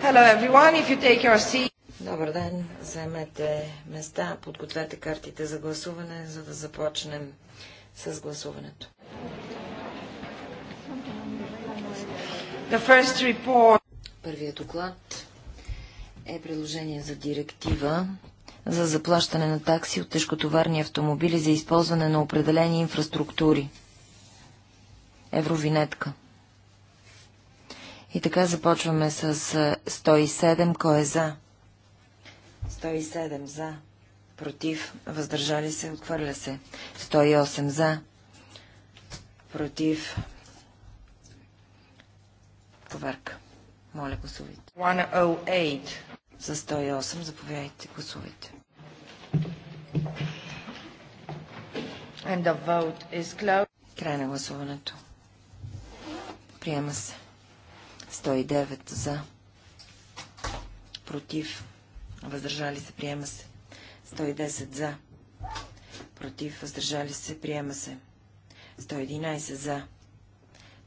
Hello everyone, if you take your seat. Добър ден, вземете места, подгответе картите за гласуване, за да започнем с гласуването. The first report. Първият доклад е предложение за директива за заплащане на такси от тежкотоварни автомобили за използване на определени инфраструктури. Евровинетка. И така започваме с 107. Кой е за? 107 за. Против. Въздържали се. Отхвърля се. 108 за. Против. Поверка. Моля, гласувайте. 108. За 108. Заповядайте. Гласувайте. And the vote is closed. Край на гласуването. Приема се. 109 за. Против. Въздържали се. Приема се. 110 за. Против. Въздържали се. Приема се. 111 за.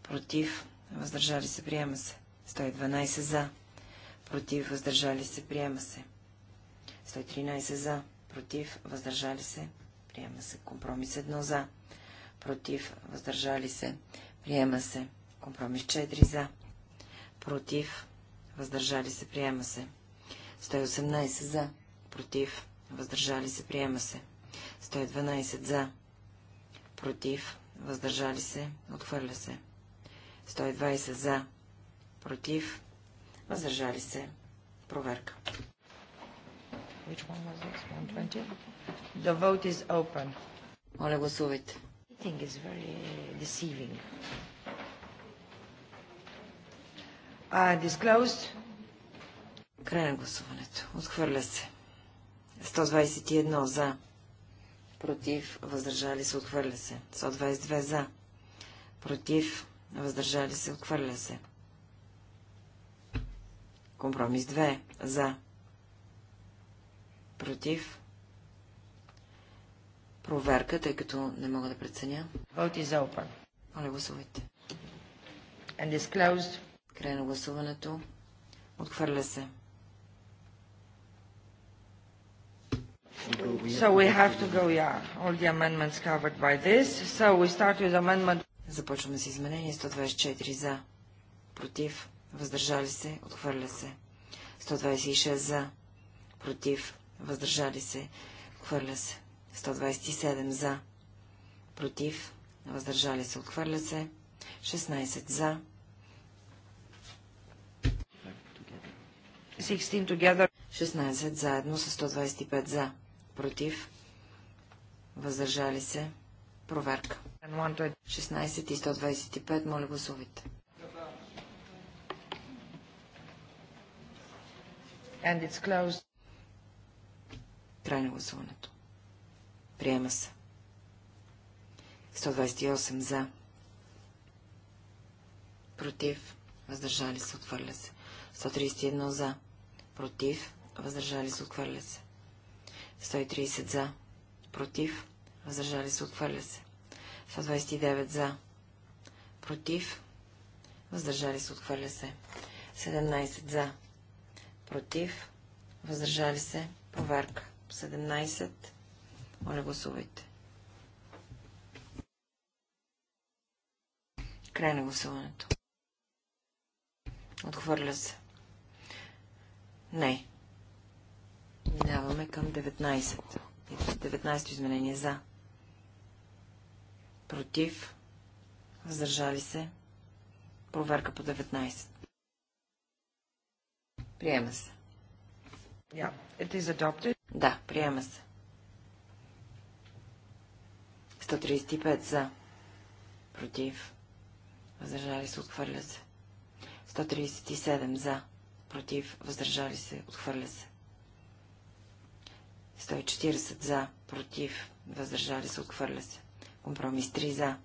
Против. Въздържали се. Приема се. 112 за. Против. Въздържали се. Приема се. 113 за. Против. Въздържали се. Приема се. Компромис 1 за. Против. Въздържали се. Приема се. Компромис 4 за против, въздържали се, приема се. 118 за, против, въздържали се, приема се. 112 за, против, въздържали се, отхвърля се. 120 за, против, въздържали се, проверка. Which one was this? 120? The vote is open. Моля, гласувайте. I think it's very deceiving. Край на гласуването. Отхвърля се. 121 за. Против. Въздържали се. Отхвърля се. 122 за. Против. Въздържали се. Отхвърля се. Компромис 2. За. Против. Проверка, тъй като не мога да преценя. Vote is open. Моля, гласувайте. And is closed. Край на гласуването. Отхвърля се. So we have to go, yeah, all the amendments covered by this. So we start with amendment... Започваме с изменение 124 за, против, въздържали се, отхвърля се. 126 за, против, въздържали се, отхвърля се. 127 за, против, въздържали се, отхвърля се. 16 за, 16 together. 16 заедно с 125 за. Против. Въздържали се. Проверка. 16 и 125. Моля гласувайте. And it's closed. Край на гласуването. Приема се. 128 за. Против. Въздържали се. Отвърля се. 131 за против, въздържали се, отхвърля се. 130 за, против, въздържали се, отхвърля се. 129 за, против, въздържали се, отхвърля се. 17 за, против, въздържали се, проверка. 17, моля гласувайте. Край на гласуването. Отхвърля се. Не. Минаваме към 19. 19 изменение за. Против. Въздържали се. Проверка по 19. Приема се. Yeah, it is adopted. Да, приема се. 135 за. Против. Въздържали се. Отхвърля се. 137 за против, въздържали се, отхвърля се. 140 за, против, въздържали се, отхвърля се. Компромис 3 за,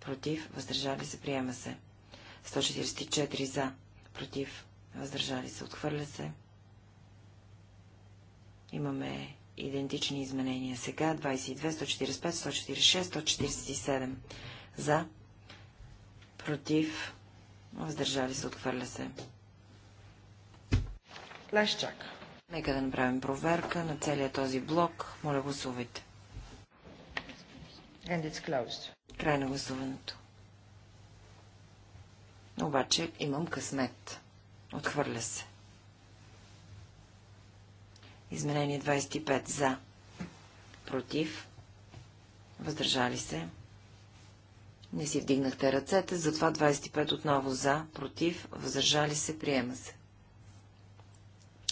против, въздържали се, приема се. 144 за, против, въздържали се, отхвърля се. Имаме идентични изменения сега. 22, 145, 146, 147 за, против, въздържали се, отхвърля се. Лайщак. Нека да направим проверка на целият този блок. Моля гласувайте. And it's closed. Край на гласуването. Обаче имам късмет. Отхвърля се. Изменение 25 за. Против. Въздържали се. Не си вдигнахте ръцете, затова 25 отново за, против, въздържали се, приема се.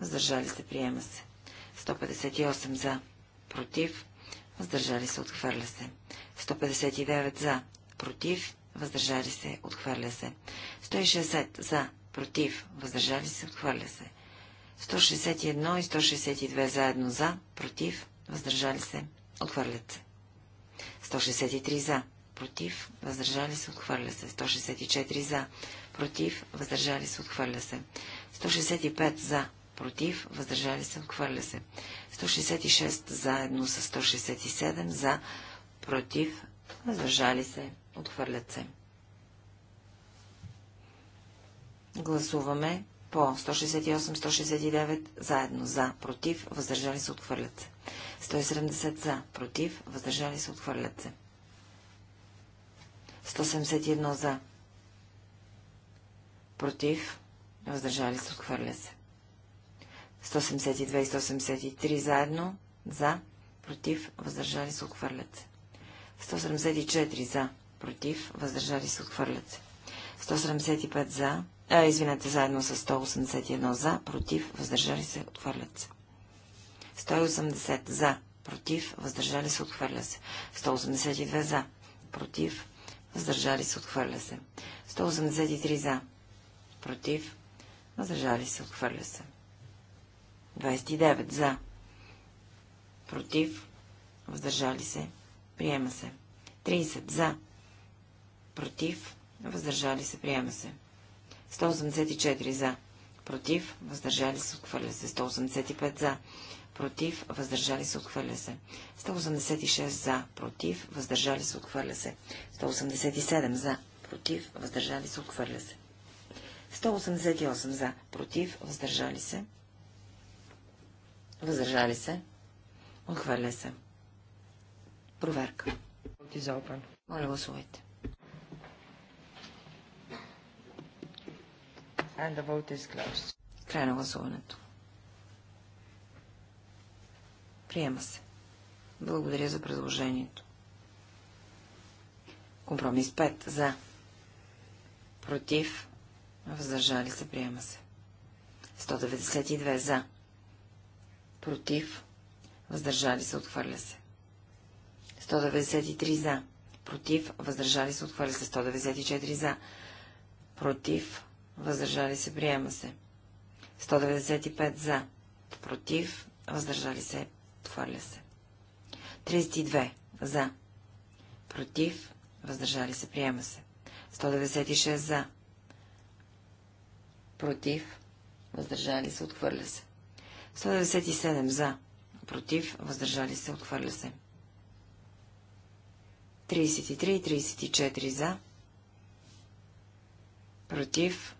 въздържали се, приема се. 158 за, против, въздържали се, отхвърля се. 159 за, против, въздържали се, отхвърля се. 160 за, против, въздържали се, отхвърля се. 161 и 162 заедно за, против, въздържали се, отхвърлят се. 163 за, против, въздържали се, отхвърля се. 164 за, против, въздържали се, отхвърля се. 165 за, против, въздържали се, хвърля се. 166 заедно с 167 за, против, въздържали се, отхвърлят се. Гласуваме по 168-169 заедно за, против, въздържали се, отхвърлят се. 170 за, против, въздържали се, отхвърлят се. 171 за, против, въздържали се, отхвърля се. 182 и 183 заедно, за, против, въздържали се, отхвърлят се. 174 за, против, въздържали се, отхвърлят 175 за, а, извинете, заедно с 181 за, против, въздържали се, отхвърлят се. 180 за, против, въздържали се, отхвърля се. 182 за, против, въздържали се, отхвърля се. 183 за, против, въздържали се, отхвърля се. 29 за. Против. Въздържали се. Приема се. 30 за. Против. Въздържали се. Приема се. 184 за. Против. Въздържали се. Отхвърля се. 185 за. Против. Въздържали се. Отхвърля се. 186 за. Против. Въздържали се. Отхвърля се. 187 за. Против. Въздържали се. Отхвърля се. 188 за. Против. Въздържали се. Въздържали се. Отхвърля се. Проверка. Моля, гласувайте. And the vote is closed. Край на гласуването. Приема се. Благодаря за предложението. Компромис 5. За. Против. Въздържали се. Приема се. 192. За против, въздържали се, отхвърля се. 193 за, против, въздържали се, отхвърля се. 194 за, против, въздържали се, приема се. 195 за, против, въздържали се, отхвърля се. 32 за, против, въздържали се, приема се. 196 за, против, въздържали се, отхвърля се. 197 за. Против. Въздържали се. Отхвърля се. 33 и 34 за. Против.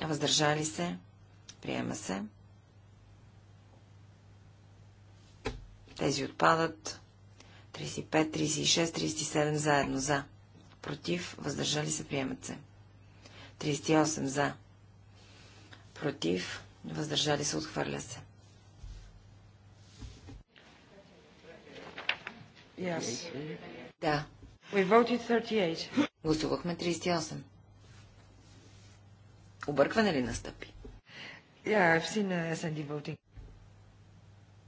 Въздържали се. Приема се. Тези отпадат. 35, 36, 37 заедно за. Против. Въздържали се. Приемат се. 38 за. Против въздържали се, отхвърля се. Yes. Да. We voted 38. Гласувахме 38. Объркване ли настъпи? Yeah, I've seen uh, SND voting.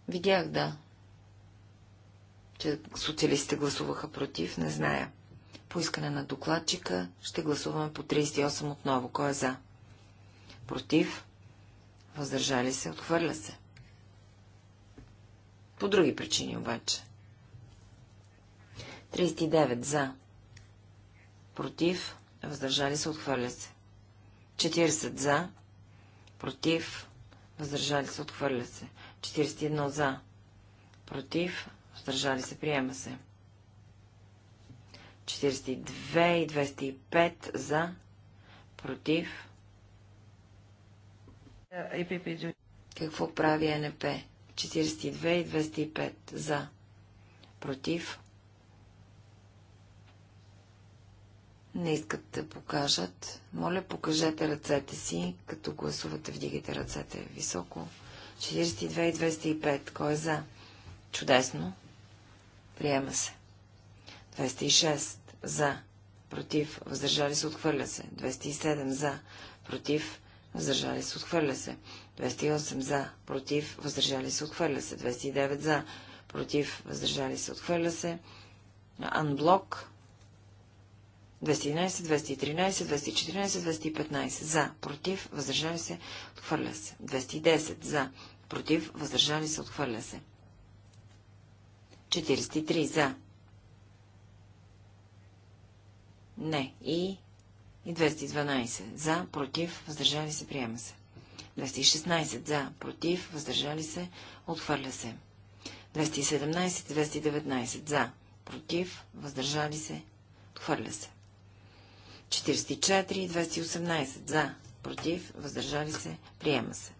Видях, да. Че социалистите гласуваха против, не зная. По искане на докладчика ще гласуваме по 38 отново. Кой е за? Против? Въздържали се, отхвърля се. По други причини обаче. 39 за. Против. Въздържали се, отхвърля се. 40 за. Против. Въздържали се, отхвърля се. 41 за. Против. Въздържали се, приема се. 42 и 205 за. Против. Какво прави НП? 42 и 205 за. Против. Не искат да покажат. Моля, покажете ръцете си, като гласувате, вдигайте ръцете високо. 42 и 205. Кой е за? Чудесно. Приема се. 206 за. Против. Въздържали се. Отхвърля се. 207 за. Против въздържали се, отхвърля се. 208 за, против, въздържали се, отхвърля се. 209 за, против, въздържали се, отхвърля се. Анблок 211, 213, 214, 215 за, против, въздържали се, отхвърля се. 210 за, против, въздържали се, отхвърля се. 43 за. Не. И и 212 за, против, въздържали се, приема се. 216 за, против, въздържали се, отхвърля се. 217, 219 за, против, въздържали се, отхвърля се. 44, 218 за, против, въздържали се, приема се.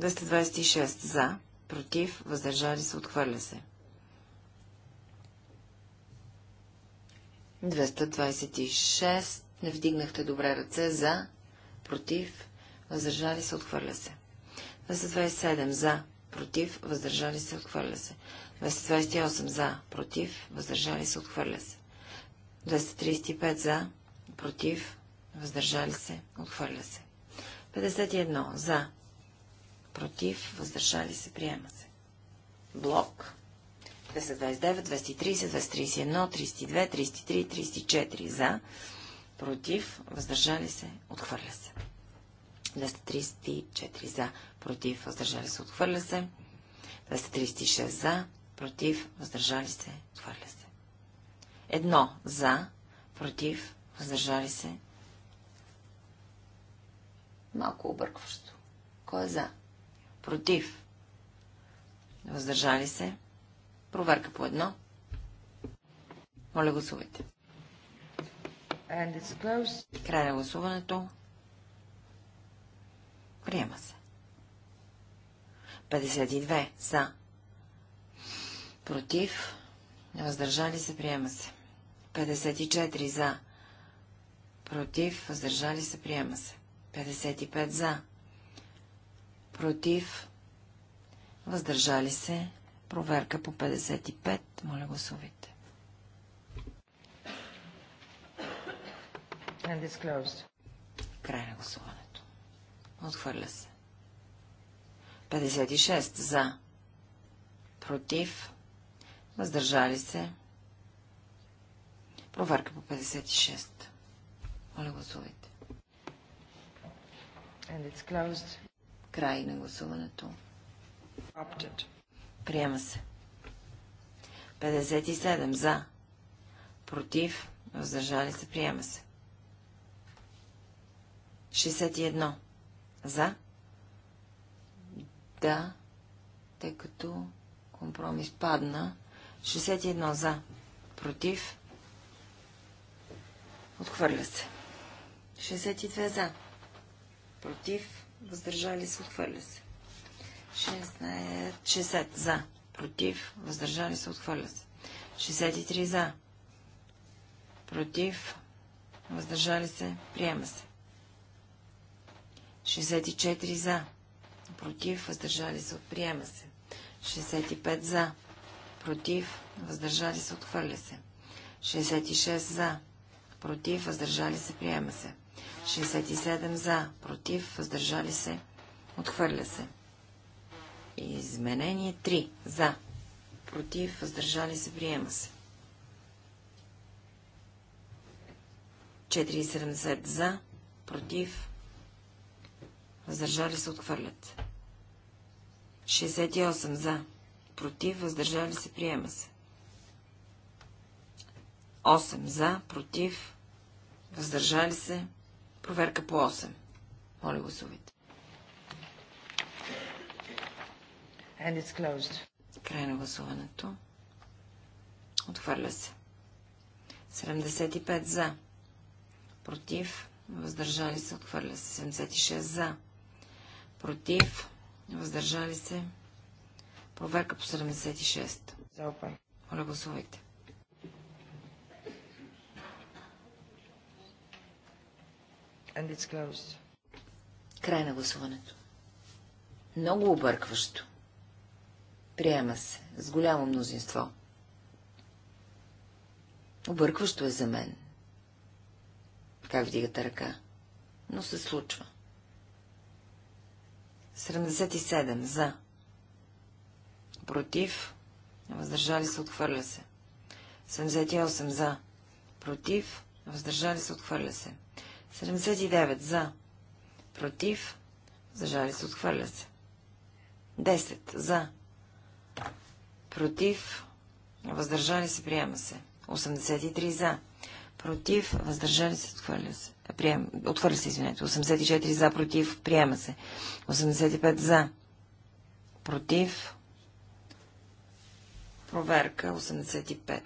226 за, против, въздържали се, отхвърля се. 227 226. Не вдигнахте добре ръце за, против, въздържали се, отхвърля се. 227 за, против, въздържали се, отхвърля се. 228 за, против, въздържали се, отхвърля се. 235 за, против, въздържали се, отхвърля се. 51 за, против, въздържали се, приема се. Блок 229, 230, 231, 32, 33, 34 за, против, въздържали се, отхвърля се. 234 за, против, въздържали се, отхвърля се. 236 за, против, въздържали се, отхвърля се. Едно за, против, въздържали се. Малко объркващо. Кой е за? Против. Въздържали се. Проверка по едно. Моля, гласувайте. Край на гласуването. Приема се. 52 за. Против. Въздържали се. Приема се. 54 за. Против. Въздържали се. Приема се. 55 за. Против. Въздържали се. Проверка по 55. Моля гласувайте. And it's closed. Край на гласуването. Отхвърля се. 56 за. Против. Въздържали се. Проверка по 56. Моля гласувайте. And it's closed. Край на гласуването. Opted. Приема се. 57 за. Против. Въздържали се. Приема се. 61 за. Да. Тъй като компромис падна. 61 за. Против. Отхвърля се. 62 за. Против. Въздържали се. Отхвърля се. 60 за. Против. Въздържали се. Отхвърля се. 63 за. Против. Въздържали се. Приема се. 64 за. Против. Въздържали се. Приема се. 65 за. Против. Въздържали се. Отхвърля се. 66 за. Против. Въздържали се. Приема се. 67 за. Против. Въздържали се. Отхвърля се. Изменение 3. За. Против. Въздържали се. Приема се. 4,70 за. Против. Въздържали се. Отхвърлят. 68 за. Против. Въздържали се. Приема се. 8 за. Против. Въздържали се. Проверка по 8. Моля гласувайте. And it's closed. Край на гласуването. Отхвърля се. 75 за. Против. Въздържали се. Отхвърля се. 76 за. Против. Въздържали се. Проверка по 76. Залпай. Моля, гласувайте. And it's closed. Край на гласуването. Много объркващо. Приема се. С голямо мнозинство. Объркващо е за мен. Как вдигате ръка? Но се случва. 77. За. Против. Въздържали се. Отхвърля се. 78. За. Против. Въздържали се. Отхвърля се. 79. За. Против. Въздържали се. Отхвърля се. 10. За против, въздържали се, приема се. 83 за, против, въздържали се, отхвърля се. Е, прием... Отхвърля се, извинете. 84 за, против, приема се. 85 за, против, проверка 85.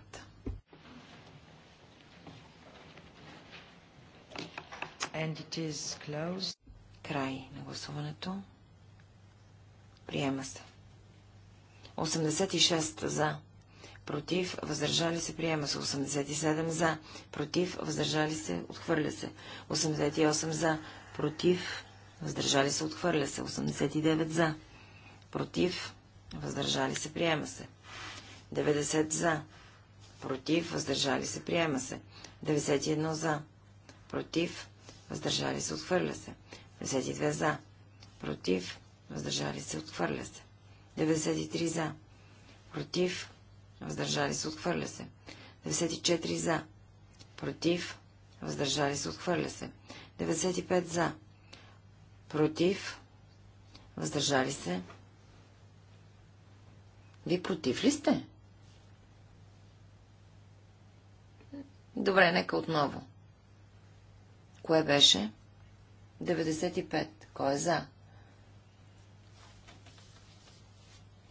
And it is closed. Край на гласуването. Приема се. 86 за. Против, въздържали се, приема се. 87 за. Против, въздържали се, отхвърля се. 88 за. Против, въздържали се, отхвърля се. 89 за. Против, въздържали се, приема се. 90 за. Против, въздържали се, приема се. 91 за. Против, въздържали се, отхвърля се. 92 за. Против, въздържали се, отхвърля се. 93 за. Против. Въздържали се. Отхвърля се. 94 за. Против. Въздържали се. Отхвърля се. 95 за. Против. Въздържали се. Вие против ли сте? Добре, нека отново. Кое беше? 95. Кой е за?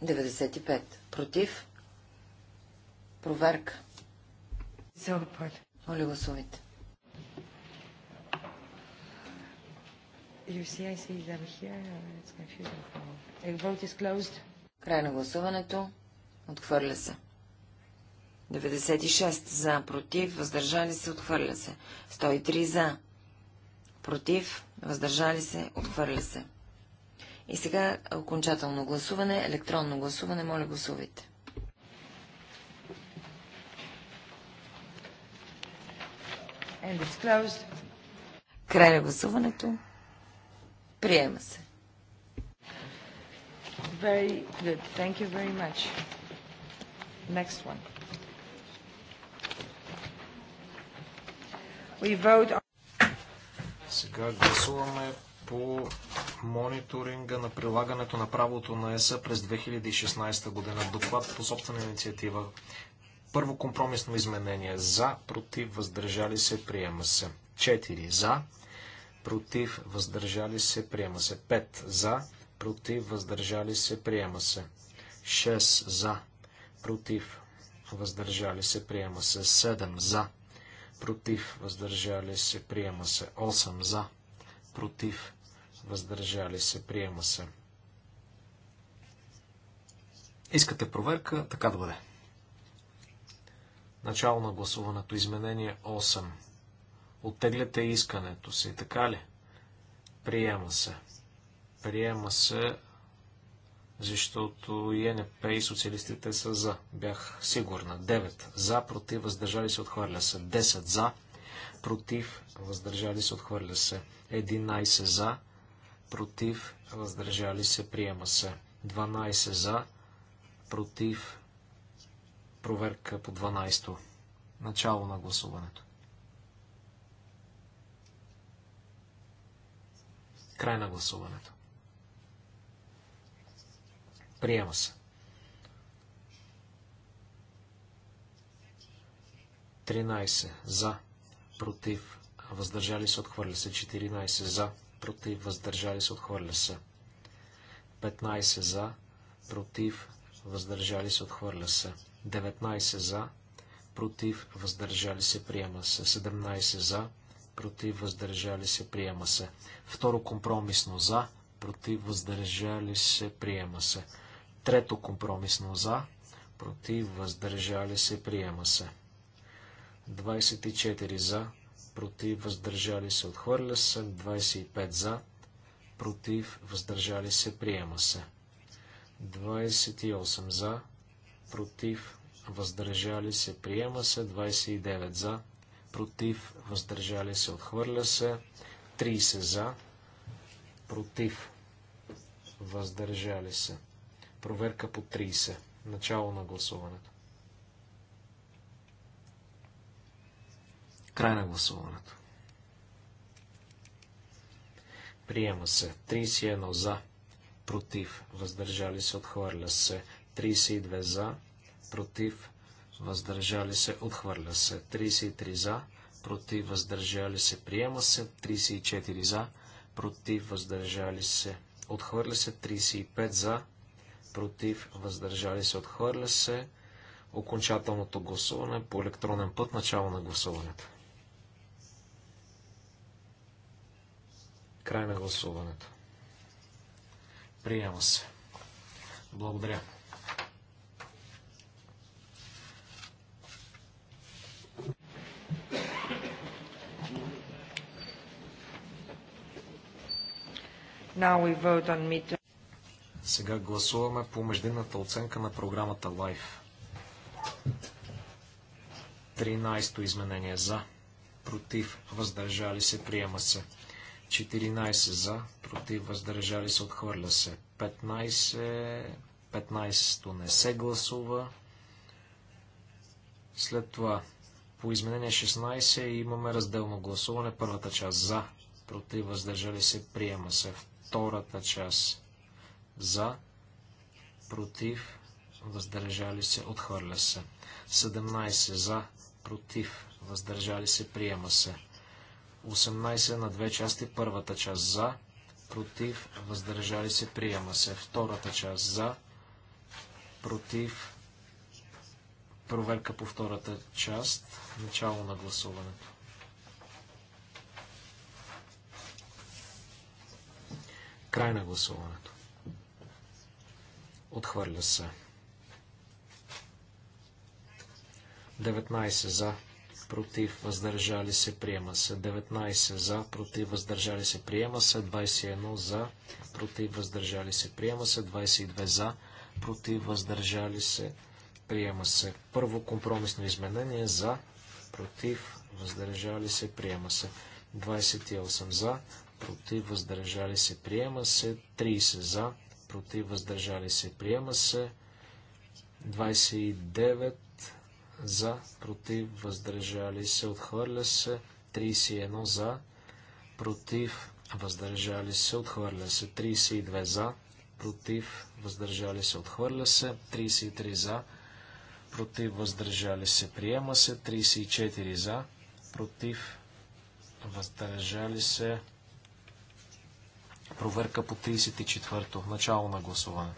95. Против. Проверка. Моля гласувайте. Край на гласуването. Отхвърля се. 96 за, против, въздържали се, отхвърля се. 103 за, против, въздържали се, отхвърля се. И сега окончателно гласуване, електронно гласуване. Моля, гласувайте. Край на гласуването. Приема се. Very good. Thank you very much. Next one. We vote on... Сега гласуваме по мониторинга на прилагането на правото на ЕС през 2016 година. Доклад по собствена инициатива. Първо компромисно изменение. За, против, въздържали се, приема се. 4. За, против, въздържали се, приема се. 5. За, против, въздържали се, приема се. 6. За, против, въздържали се, приема се. 7. За, против, въздържали се, приема се. 8. За, против, въздържали се, приема се. Искате проверка, така да бъде. Начало на гласуването, изменение 8. Оттегляте искането си, така ли? Приема се. Приема се, защото и НП и социалистите са за. Бях сигурна. 9. За, против, въздържали се, отхвърля се. 10. За, против, въздържали се, отхвърля се. 11. За, против, въздържали се, приема се. 12 за, против, проверка по 12-то. Начало на гласуването. Край на гласуването. Приема се. 13 за, против, въздържали се, отхвърля се, 14 за, против, въздържали се, отхвърля се. 15 за, против, въздържали се, отхвърля се. 19 за, против, въздържали се, приема се. 17 за, против, въздържали се, приема се. Второ компромисно за, против, въздържали се, приема се. Трето компромисно за, против, въздържали се, приема се. 24 за, против, въздържали се, отхвърля се, 25 за, против, въздържали се, приема се. 28 за, против, въздържали се, приема се, 29 за, против, въздържали се, отхвърля се, 30 за, против, въздържали се. Проверка по 30. Начало на гласуването. Край на гласуването. Приема се. 31 за. Против. Въздържали се. Отхвърля се. 32 за. Против. Въздържали се. Отхвърля се. 33 за. Против. Въздържали се. Приема се. 34 за. Против. Въздържали се. Отхвърля се. 35 за. Против. Въздържали се. Отхвърля се. Окончателното гласуване по електронен път. Начало на гласуването. Край на гласуването. Приема се. Благодаря. Сега гласуваме по междинната оценка на програмата LIFE. 13-то изменение за, против, въздържали се, приема се. 14 за, против, въздържали се, отхвърля се. 15, 15 не се гласува. След това, по изменение 16 имаме разделно гласуване. Първата част за, против, въздържали се, приема се. Втората част за, против, въздържали се, отхвърля се. 17 за, против, въздържали се, приема се. 18 на две части. Първата част за, против, въздържали се, приема се. Втората част за, против, проверка по втората част, начало на гласуването. Край на гласуването. Отхвърля се. 19 за, против, въздържали се, приема се. 19 за, против, въздържали се, приема се. 21 за, против, въздържали се, приема се. 22 за, против, въздържали се, приема се. Първо компромисно изменение за, против, въздържали се, приема се. 28 за, против, въздържали се, приема се. 30 за, против, въздържали се, приема се. 29 за, против, въздържали се, отхвърля се, 31 за, против, въздържали се, отхвърля се, 32 за, против, въздържали се, отхвърля се, 33 за, против, въздържали се, приема се, 34 за, против, въздържали се, проверка по 34-то, начало на гласуване.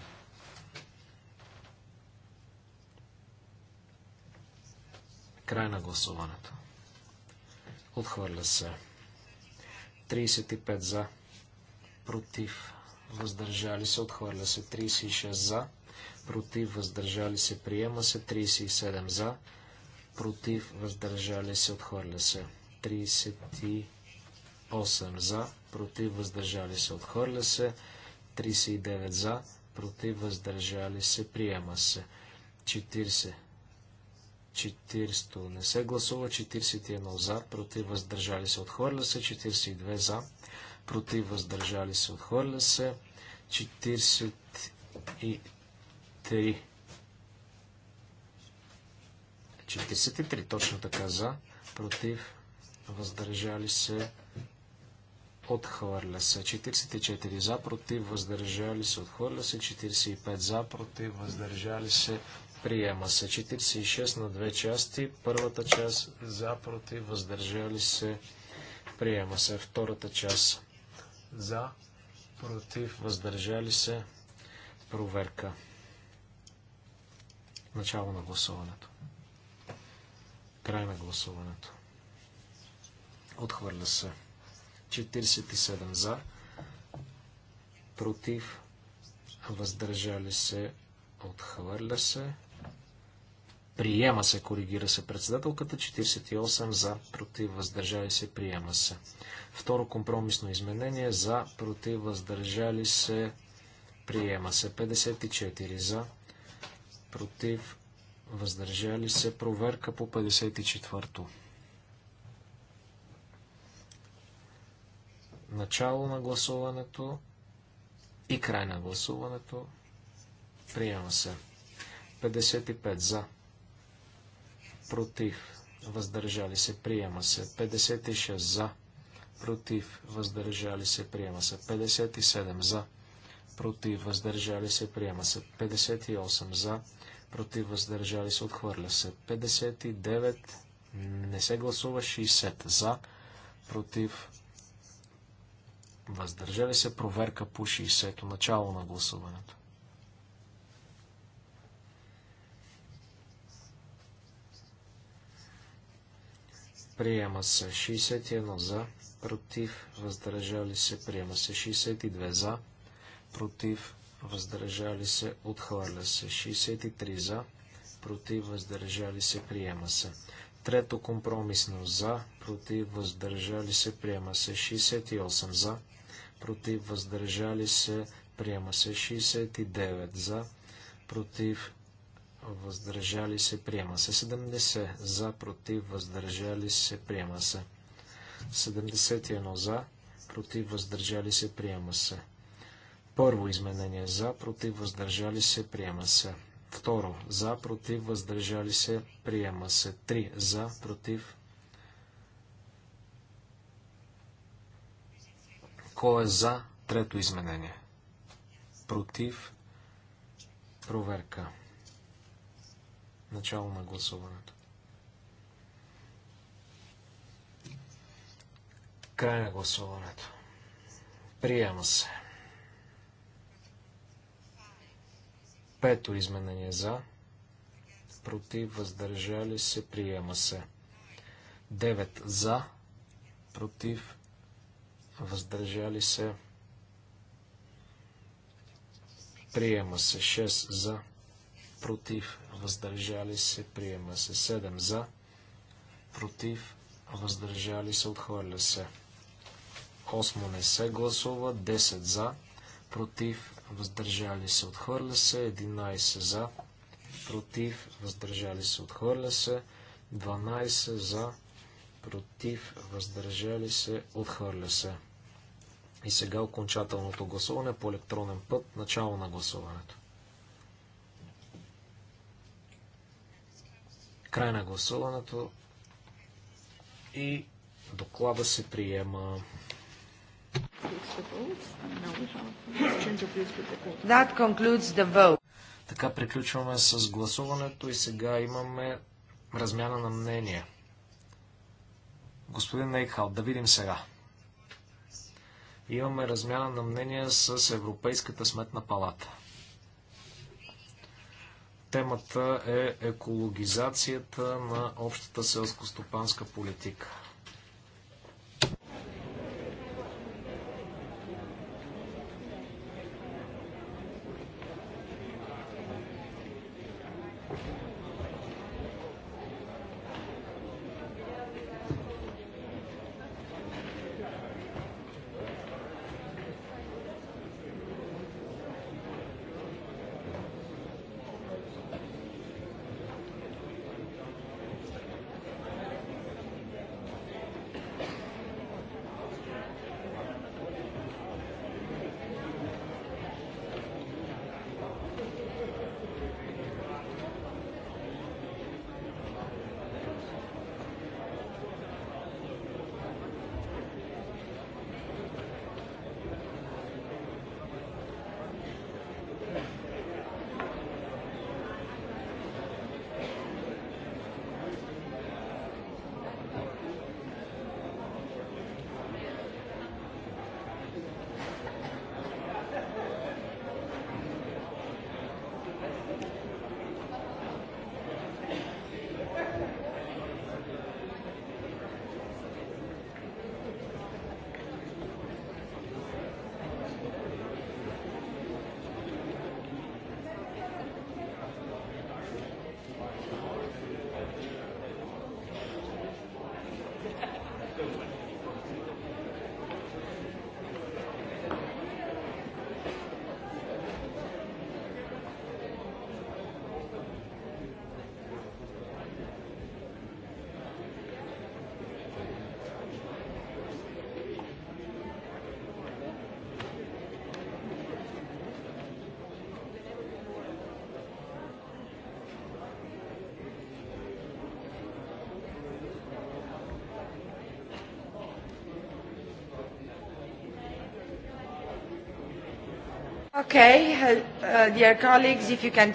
Край на гласуването. Отхвърля се. 35 за. Против. Въздържали се. Отхвърля се. 36 за. Против. Въздържали се. Приема се. 37 за. Против. Въздържали се. Отхвърля се. 38 за. Против. Въздържали се. Отхвърля се. 39 за. Против. Въздържали се. Приема се. 40 40 не се гласува, 41 за, против въздържали се, отхвърля се, 42 за, против въздържали се, отхвърля се, 43 43 точно така за, против въздържали се, отхвърля се. 44 за, против, въздържали се, отхвърля се. 45 за, против, въздържали се, Приема се 46 на две части. Първата част за, против, въздържали се. Приема се втората част за, против, въздържали се. Проверка. Начало на гласуването. Край на гласуването. Отхвърля се. 47 за, против, въздържали се, отхвърля се. Приема се, коригира се председателката. 48 за, против, въздържали се, приема се. Второ компромисно изменение за, против, въздържали се, приема се. 54 за, против, въздържали се, проверка по 54-то. Начало на гласуването и край на гласуването. Приема се. 55 за против, въздържали се, приема се. 56 за, против, въздържали се, приема се. 57 за, против, въздържали се, приема се. 58 за, против, въздържали се, отхвърля се. 59 не се гласува, 60 за, против, въздържали се, проверка по 60-то, начало на гласуването. приема се 61 за, против, въздържали се, приема се 62 за, против, въздържали се, отхвърля се 63 за, против, въздържали се, приема се. Трето компромисно за, против, въздържали се, приема се 68 за, против, въздържали се, приема се 69 за, против, въздържали се, приема се. 70 за, против, въздържали се, приема се. 71 за, против, въздържали се, приема се. Първо изменение за, против, въздържали се, приема се. Второ, за, против, въздържали се, приема се. Три, за, против. Кой е за трето изменение? Против. Проверка. Начало на гласуването. Край на гласуването. Приема се. Пето изменение за. Против, въздържали се, приема се. 9 за, против, въздържали се, приема се. 6 за, против, въздържали се, приема се. 7 за, против, въздържали се, отхвърля се. 8 не се гласува, 10 за, против, въздържали се, отхвърля се, 11 за, против, въздържали се, отхвърля се, 12 за, против, въздържали се, отхвърля се. И сега окончателното гласуване по електронен път, начало на гласуването. Край на гласуването и доклада се приема. That concludes the vote. Така приключваме с гласуването и сега имаме размяна на мнение. Господин Нейхал, да видим сега. Имаме размяна на мнение с Европейската сметна палата. Темата е екологизацията на общата селско-стопанска политика. Okay, uh, dear colleagues, if you can...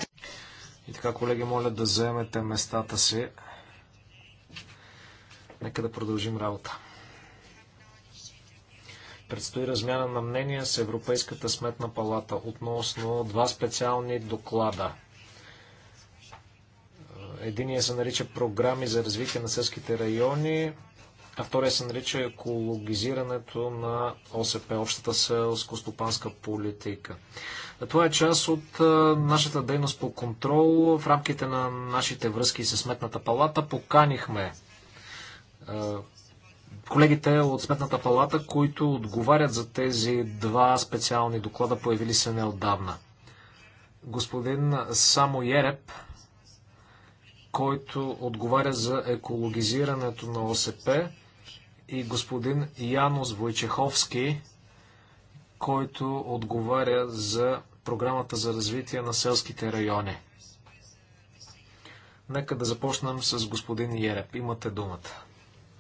И така, колеги, моля да заемете местата си. Нека да продължим работа. Предстои размяна на мнения с Европейската сметна палата относно два специални доклада. Единия се нарича програми за развитие на селските райони, а втория се нарича екологизирането на ОСП, общата селско-стопанска политика. Това е част от нашата дейност по контрол. В рамките на нашите връзки с Сметната палата поканихме колегите от Сметната палата, които отговарят за тези два специални доклада, появили се неотдавна. Господин Само Ереп, който отговаря за екологизирането на ОСП, и господин Янос Войчеховски, който отговаря за програмата за развитие на селските райони. Нека да започнем с господин Ереп. Имате думата.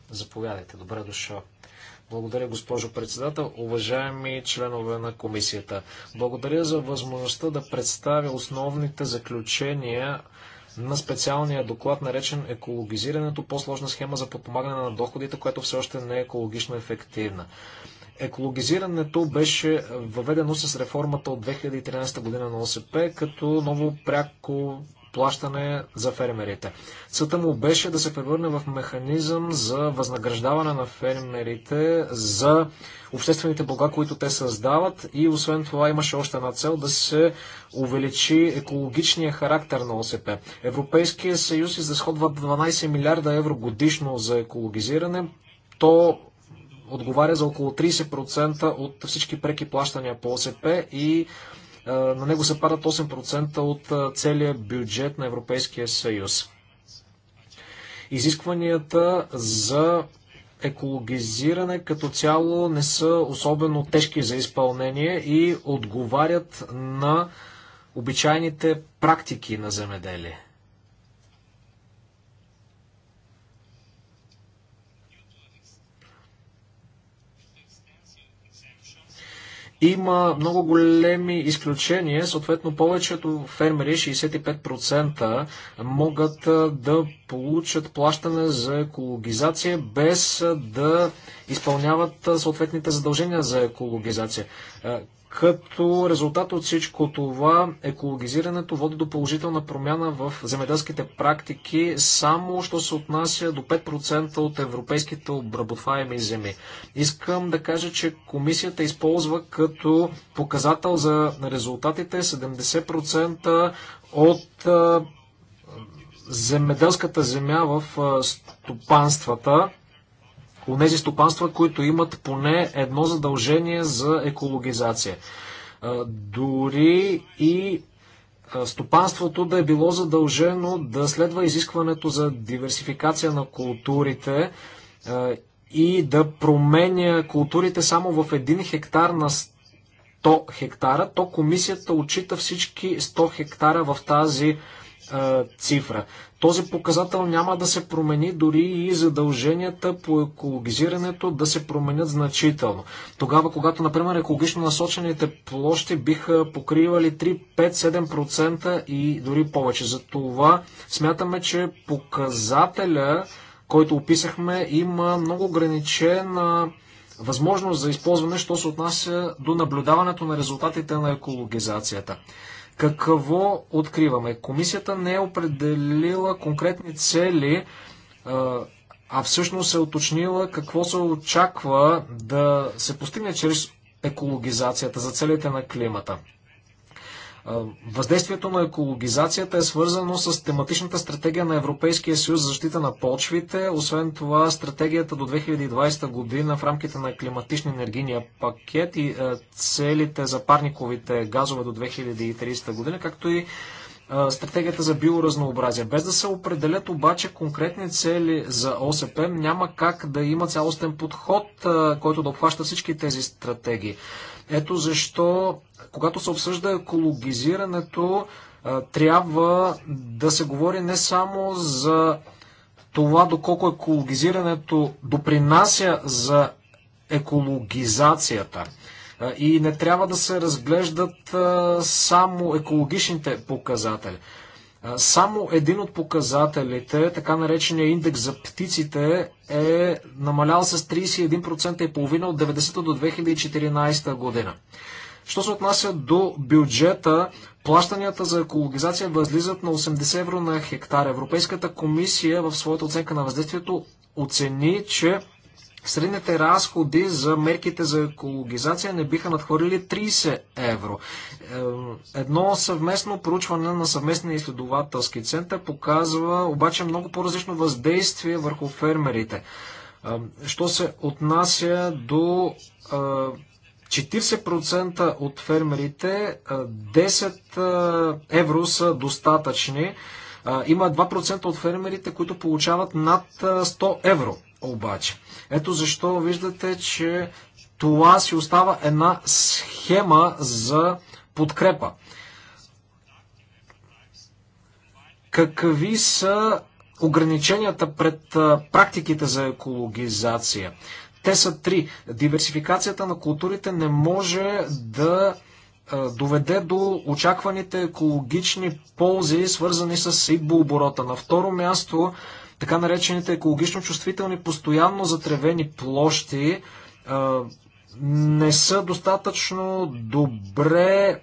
Заповядайте. Добре дошъл. Благодаря, госпожо председател. Уважаеми членове на комисията, благодаря за възможността да представя основните заключения на специалния доклад, наречен екологизирането, по-сложна схема за подпомагане на доходите, която все още не е екологично ефективна. Екологизирането беше въведено с реформата от 2013 година на ОСП като ново пряко плащане за фермерите. Целта му беше да се превърне в механизъм за възнаграждаване на фермерите за обществените блага, които те създават и освен това имаше още една цел да се увеличи екологичния характер на ОСП. Европейския съюз изразходва 12 милиарда евро годишно за екологизиране. То отговаря за около 30% от всички преки плащания по ОСП и е, на него се падат 8% от е, целия бюджет на Европейския съюз. Изискванията за екологизиране като цяло не са особено тежки за изпълнение и отговарят на обичайните практики на земеделие. Има много големи изключения, съответно повечето фермери, 65%, могат да получат плащане за екологизация без да изпълняват съответните задължения за екологизация. Като резултат от всичко това, екологизирането води до положителна промяна в земеделските практики, само що се отнася до 5% от европейските обработваеми земи. Искам да кажа, че комисията използва като показател за резултатите 70% от земеделската земя в стопанствата онези стопанства, които имат поне едно задължение за екологизация. Дори и стопанството да е било задължено да следва изискването за диверсификация на културите и да променя културите само в един хектар на 100 хектара, то комисията отчита всички 100 хектара в тази цифра. Този показател няма да се промени дори и задълженията по екологизирането да се променят значително. Тогава, когато, например, екологично насочените площи биха покривали 3, 5, 7% и дори повече. За това смятаме, че показателя, който описахме, има много ограничена възможност за използване, що се отнася до наблюдаването на резултатите на екологизацията. Какво откриваме? Комисията не е определила конкретни цели, а всъщност е уточнила какво се очаква да се постигне чрез екологизацията за целите на климата. Въздействието на екологизацията е свързано с тематичната стратегия на Европейския съюз за защита на почвите. Освен това, стратегията до 2020 година в рамките на климатични енергийния пакет и е, целите за парниковите газове до 2030 година, както и стратегията за биоразнообразие. Без да се определят обаче конкретни цели за ОСП, няма как да има цялостен подход, който да обхваща всички тези стратегии. Ето защо, когато се обсъжда екологизирането, трябва да се говори не само за това доколко екологизирането допринася за екологизацията – и не трябва да се разглеждат само екологичните показатели. Само един от показателите, така наречения индекс за птиците, е намалял с 31% и половина от 90 до 2014 година. Що се отнася до бюджета, плащанията за екологизация възлизат на 80 евро на хектар. Европейската комисия в своята оценка на въздействието оцени, че Средните разходи за мерките за екологизация не биха надхвърлили 30 евро. Е, едно съвместно проучване на съвместния изследователски център показва обаче много по-различно въздействие върху фермерите. Е, що се отнася до 40% е, от фермерите, 10 евро са достатъчни. Има 2% от фермерите, които получават над 100 евро обаче. Ето защо виждате, че това си остава една схема за подкрепа. Какви са ограниченията пред практиките за екологизация? Те са три. Диверсификацията на културите не може да доведе до очакваните екологични ползи, свързани с ибооборота. На второ място, така наречените екологично чувствителни, постоянно затревени площи не са достатъчно добре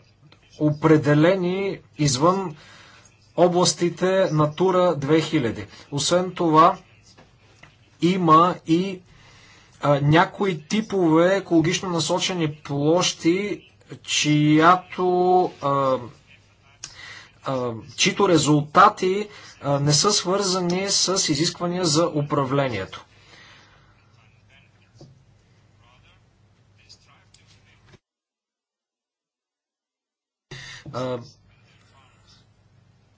определени извън областите Натура 2000. Освен това, има и а, някои типове екологично насочени площи, чиято а, чието резултати не са свързани с изисквания за управлението.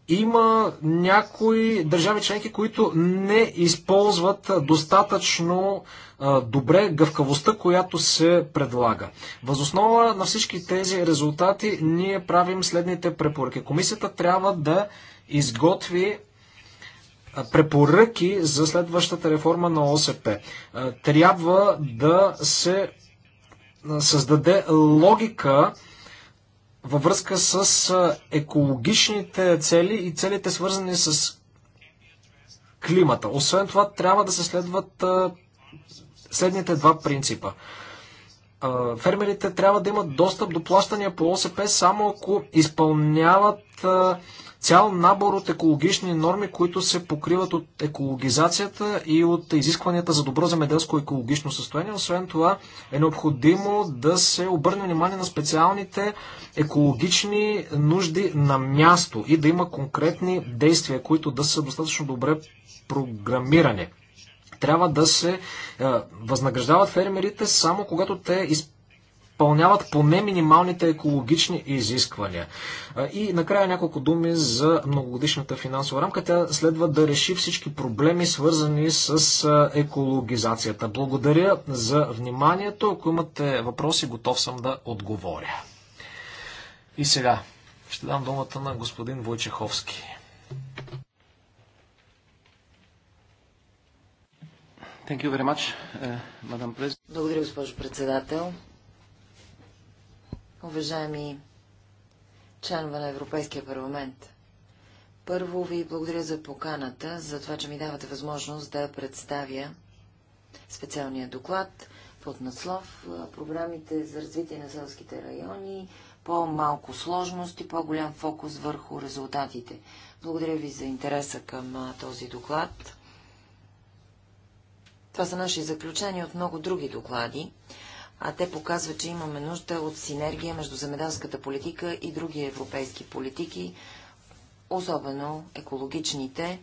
Има някои държави членки, които не използват достатъчно добре гъвкавостта, която се предлага. Възоснова на всички тези резултати ние правим следните препоръки. Комисията трябва да изготви препоръки за следващата реформа на ОСП. Трябва да се създаде логика във връзка с екологичните цели и целите свързани с климата. Освен това, трябва да се следват следните два принципа. Фермерите трябва да имат достъп до плащания по ОСП само ако изпълняват цял набор от екологични норми, които се покриват от екологизацията и от изискванията за добро земеделско екологично състояние. Освен това е необходимо да се обърне внимание на специалните екологични нужди на място и да има конкретни действия, които да са достатъчно добре програмирани трябва да се е, възнаграждават фермерите само когато те изпълняват изпълняват поне минималните екологични изисквания. И накрая няколко думи за многогодишната финансова рамка. Тя следва да реши всички проблеми, свързани с екологизацията. Благодаря за вниманието. Ако имате въпроси, готов съм да отговоря. И сега ще дам думата на господин Войчеховски. Uh, Благодаря, госпожо председател уважаеми членове на Европейския парламент. Първо ви благодаря за поканата, за това, че ми давате възможност да представя специалния доклад под надслов програмите за развитие на селските райони, по-малко сложност и по-голям фокус върху резултатите. Благодаря ви за интереса към този доклад. Това са наши заключения от много други доклади, а те показват, че имаме нужда от синергия между земеделската политика и други европейски политики, особено екологичните.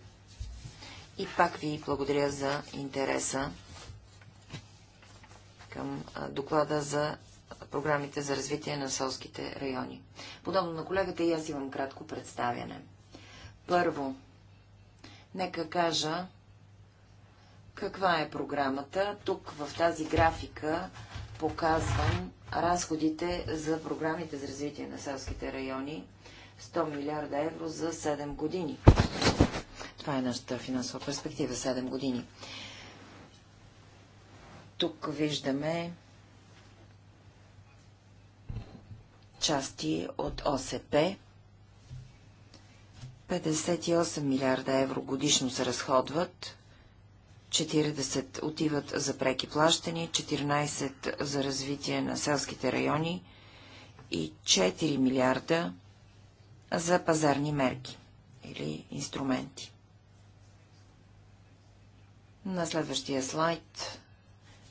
И пак ви благодаря за интереса към доклада за програмите за развитие на селските райони. Подобно на колегата и аз имам кратко представяне. Първо, нека кажа каква е програмата. Тук в тази графика показвам разходите за програмите за развитие на селските райони 100 милиарда евро за 7 години. Това е нашата финансова перспектива 7 години. Тук виждаме части от ОСП. 58 милиарда евро годишно се разходват 40 отиват за преки плащани, 14 за развитие на селските райони и 4 милиарда за пазарни мерки или инструменти. На следващия слайд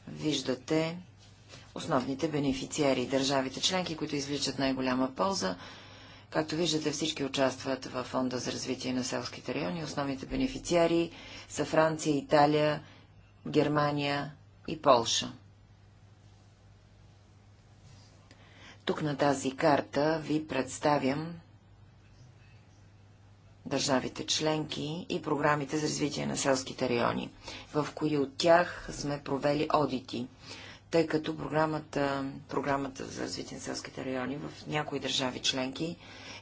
виждате основните бенефициери, държавите членки, които извличат най-голяма полза. Както виждате, всички участват в Фонда за развитие на селските райони. Основните бенефициари са Франция, Италия, Германия и Полша. Тук на тази карта ви представям държавите членки и програмите за развитие на селските райони, в кои от тях сме провели одити, тъй като програмата, програмата за развитие на селските райони в някои държави членки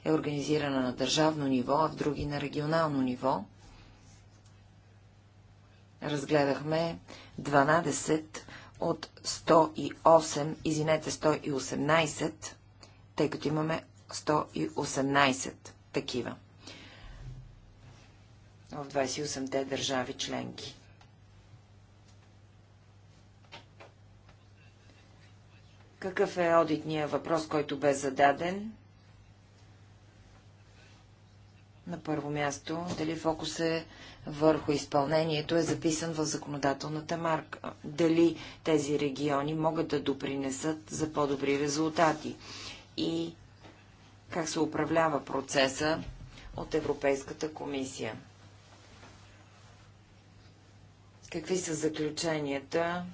е организирана на държавно ниво, а в други на регионално ниво разгледахме 12 от 108, извинете, 118, тъй като имаме 118 такива в 28-те държави членки. Какъв е одитния въпрос, който бе зададен? На първо място, дали фокус е върху изпълнението е записан в законодателната марка. Дали тези региони могат да допринесат за по-добри резултати и как се управлява процеса от Европейската комисия. Какви са заключенията?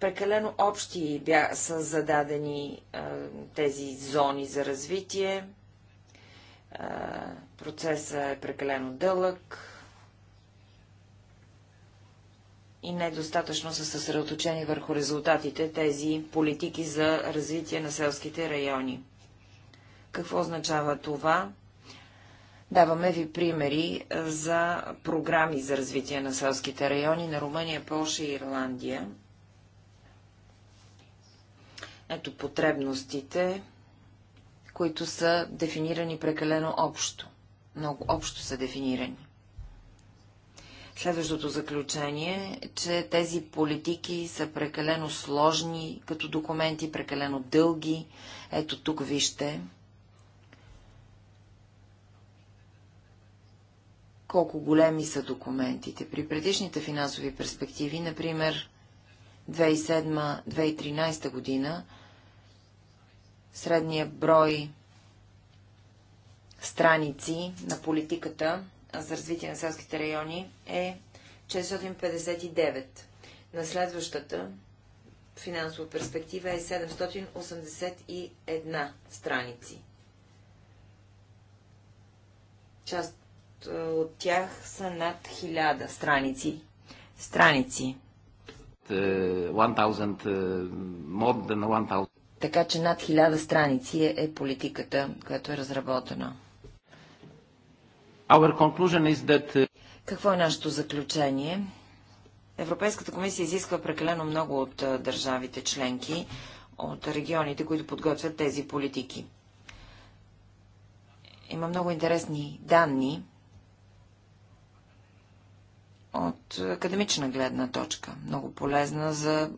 Прекалено общи са зададени тези зони за развитие. Процесът е прекалено дълъг и недостатъчно са съсредоточени върху резултатите тези политики за развитие на селските райони. Какво означава това? Даваме ви примери за програми за развитие на селските райони на Румъния, Польша и Ирландия. Ето потребностите които са дефинирани прекалено общо. Много общо са дефинирани. Следващото заключение е, че тези политики са прекалено сложни като документи, прекалено дълги. Ето тук вижте колко големи са документите. При предишните финансови перспективи, например 2007-2013 година, средния брой страници на политиката за развитие на селските райони е 659. На следващата финансова перспектива е 781 страници. Част е, от тях са над 1000 страници. Страници. 1000, е, е, more than 1000. Така че над хиляда страници е, е политиката, която е разработена. That... Uh, Какво е нашето заключение? Европейската комисия изисква прекалено много от държавите членки, от регионите, които подготвят тези политики. Има много интересни данни от академична гледна точка. Много полезна за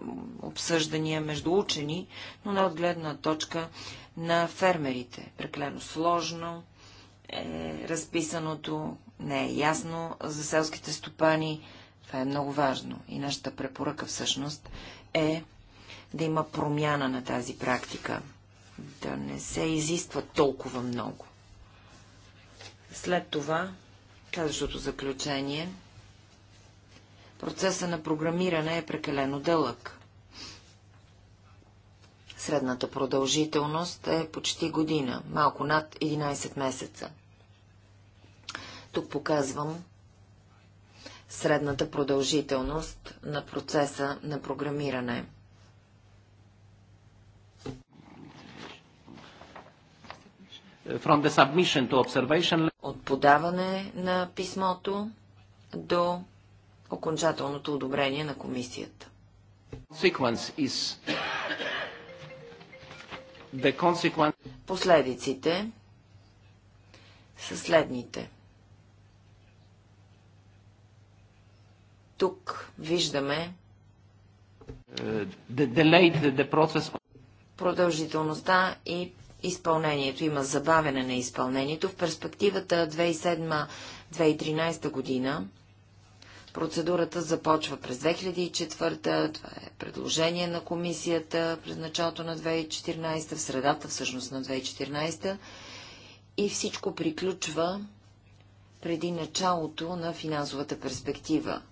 обсъждания между учени, но не от гледна точка на фермерите. Преклено сложно е разписаното, не е ясно за селските стопани. Това е много важно. И нашата препоръка всъщност е да има промяна на тази практика. Да не се изиства толкова много. След това, казващото заключение – Процеса на програмиране е прекалено дълъг. Средната продължителност е почти година, малко над 11 месеца. Тук показвам средната продължителност на процеса на програмиране. From the submission to observation... От подаване на писмото до окончателното одобрение на комисията. Последиците са следните. Тук виждаме uh, продължителността и изпълнението. Има забавене на изпълнението. В перспективата 2007-2013 година Процедурата започва през 2004, това е предложение на комисията през началото на 2014, в средата всъщност на 2014 и всичко приключва преди началото на финансовата перспектива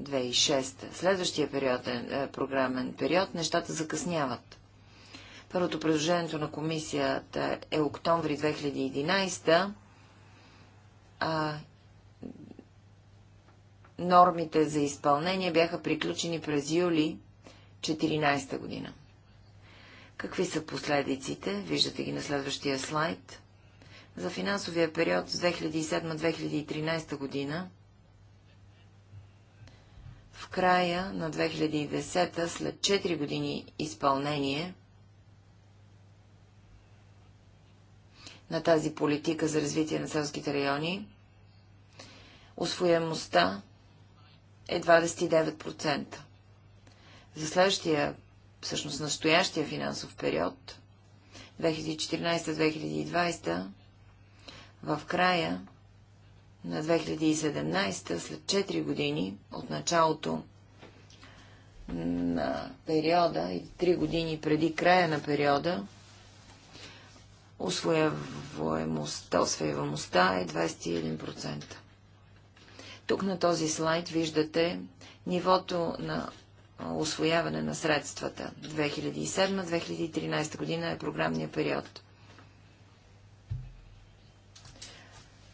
2006. Следващия период е, е, програмен период, нещата закъсняват. Първото предложението на комисията е октомври 2011 а, нормите за изпълнение бяха приключени през юли 2014 година. Какви са последиците? Виждате ги на следващия слайд. За финансовия период с 2007-2013 година в края на 2010 след 4 години изпълнение на тази политика за развитие на селските райони, освоемостта е 29%. За следващия, всъщност настоящия финансов период, 2014-2020, в края на 2017, след 4 години от началото на периода и 3 години преди края на периода, освоеваемостта, е 21%. Тук на този слайд виждате нивото на освояване на средствата. 2007-2013 година е програмния период.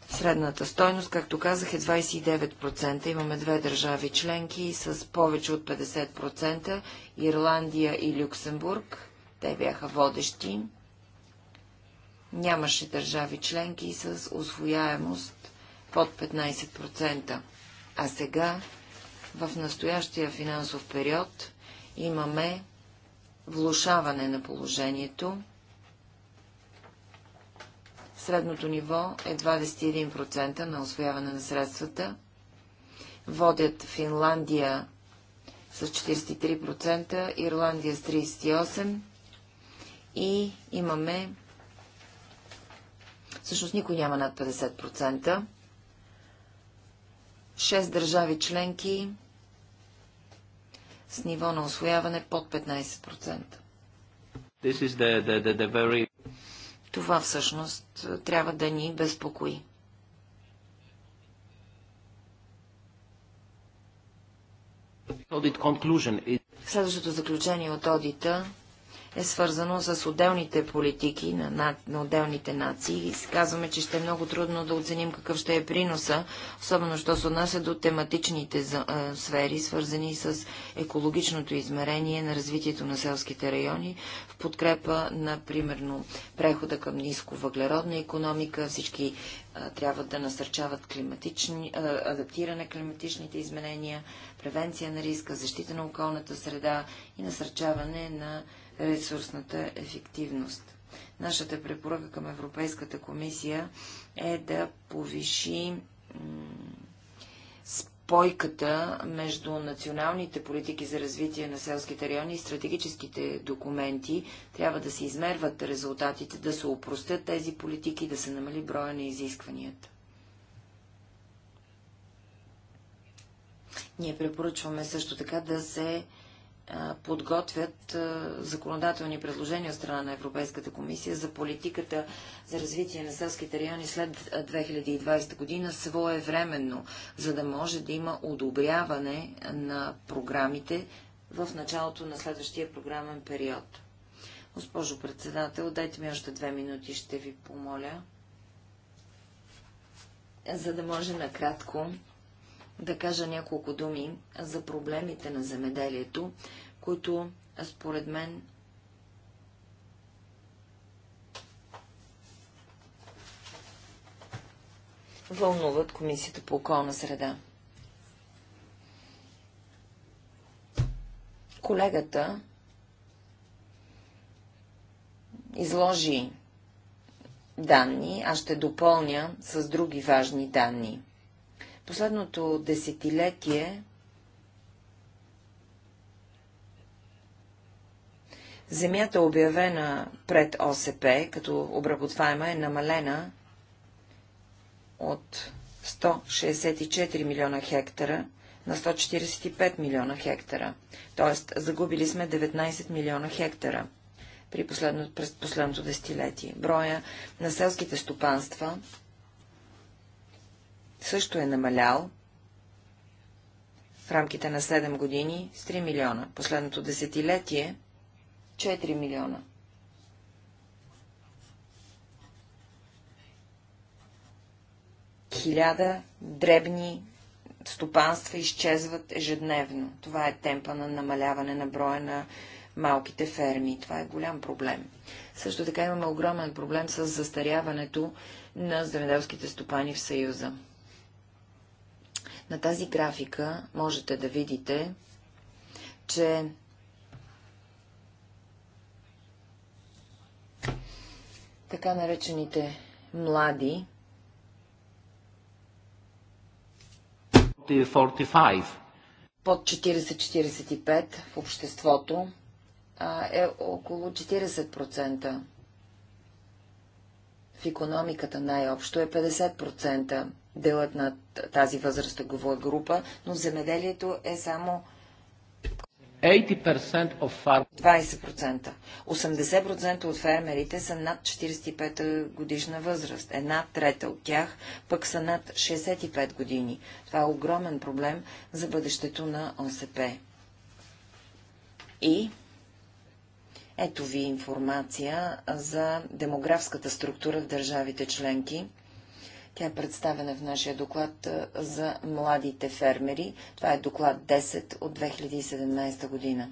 Средната стойност, както казах, е 29%. Имаме две държави членки с повече от 50%. Ирландия и Люксембург. Те бяха водещи. Нямаше държави членки с освояемост под 15%. А сега, в настоящия финансов период, имаме влушаване на положението. Средното ниво е 21% на освояване на средствата. Водят Финландия с 43%, Ирландия с 38% и имаме... Всъщност никой няма над 50%. Шест държави членки с ниво на освояване под 15%. This is the, the, the, the very... Това всъщност е, трябва да ни безпокои. Следващото заключение от одита е свързано с отделните политики на, на, на отделните нации. И казваме, че ще е много трудно да оценим какъв ще е приноса, особено що се отнася до тематичните за, а, сфери, свързани с екологичното измерение на развитието на селските райони, в подкрепа на, примерно, прехода към ниско въглеродна економика, всички а, трябва да насърчават климатични, а, адаптиране климатичните изменения, превенция на риска, защита на околната среда и насърчаване на ресурсната ефективност. Нашата препоръка към Европейската комисия е да повиши спойката между националните политики за развитие на селските райони и стратегическите документи. Трябва да се измерват резултатите, да се упростят тези политики, да се намали броя на изискванията. Ние препоръчваме също така да се подготвят законодателни предложения от страна на Европейската комисия за политиката за развитие на селските райони след 2020 година своевременно, за да може да има одобряване на програмите в началото на следващия програмен период. Госпожо председател, дайте ми още две минути, ще ви помоля, за да може накратко да кажа няколко думи за проблемите на земеделието, които според мен вълнуват Комисията по околна среда. Колегата изложи данни, аз ще допълня с други важни данни. Последното десетилетие земята, е обявена пред ОСП като обработваема, е намалена от 164 милиона хектара на 145 милиона хектара, т.е. загубили сме 19 милиона хектара при последно, през последното десетилетие. Броя на селските стопанства също е намалял в рамките на 7 години с 3 милиона. Последното десетилетие 4 милиона. Хиляда дребни стопанства изчезват ежедневно. Това е темпа на намаляване на броя на малките ферми. Това е голям проблем. Също така имаме огромен проблем с застаряването на земеделските стопани в Съюза. На тази графика можете да видите, че така наречените млади 45. под 40-45 в обществото е около 40%. В економиката най-общо е 50% делът на тази възрастегова група, но в земеделието е само 20%. 80% от фермерите са над 45 годишна възраст. Една трета от тях пък са над 65 години. Това е огромен проблем за бъдещето на ОСП. И ето ви информация за демографската структура в държавите членки тя е представена в нашия доклад за младите фермери. Това е доклад 10 от 2017 година.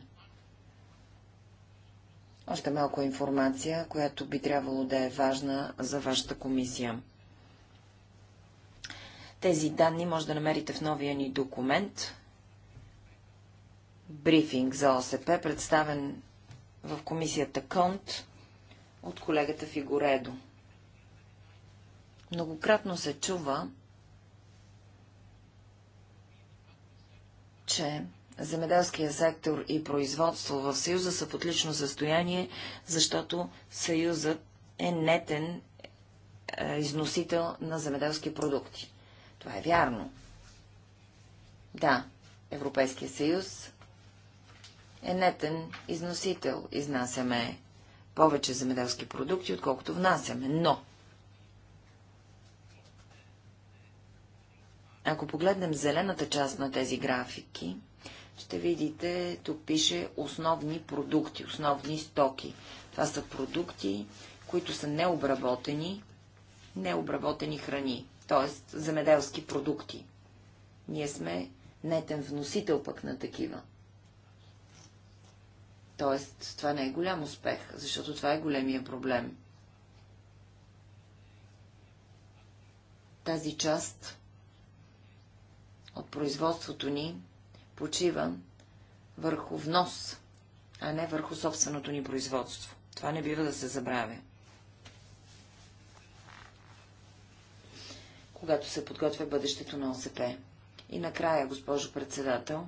Още малко информация, която би трябвало да е важна за вашата комисия. Тези данни може да намерите в новия ни документ. Брифинг за ОСП, представен в комисията КОНТ от колегата Фигоредо. Многократно се чува, че земеделския сектор и производство в Съюза са в отлично състояние, защото Съюзът е нетен е, износител на земеделски продукти. Това е вярно. Да, Европейския съюз е нетен износител. Изнасяме повече земеделски продукти, отколкото внасяме. Но Ако погледнем зелената част на тези графики, ще видите, тук пише основни продукти, основни стоки. Това са продукти, които са необработени, необработени храни, т.е. земеделски продукти. Ние сме нетен вносител пък на такива. Тоест, това не е голям успех, защото това е големия проблем. Тази част от производството ни почива върху внос, а не върху собственото ни производство. Това не бива да се забравя. Когато се подготвя бъдещето на ОСП. И накрая, госпожо председател,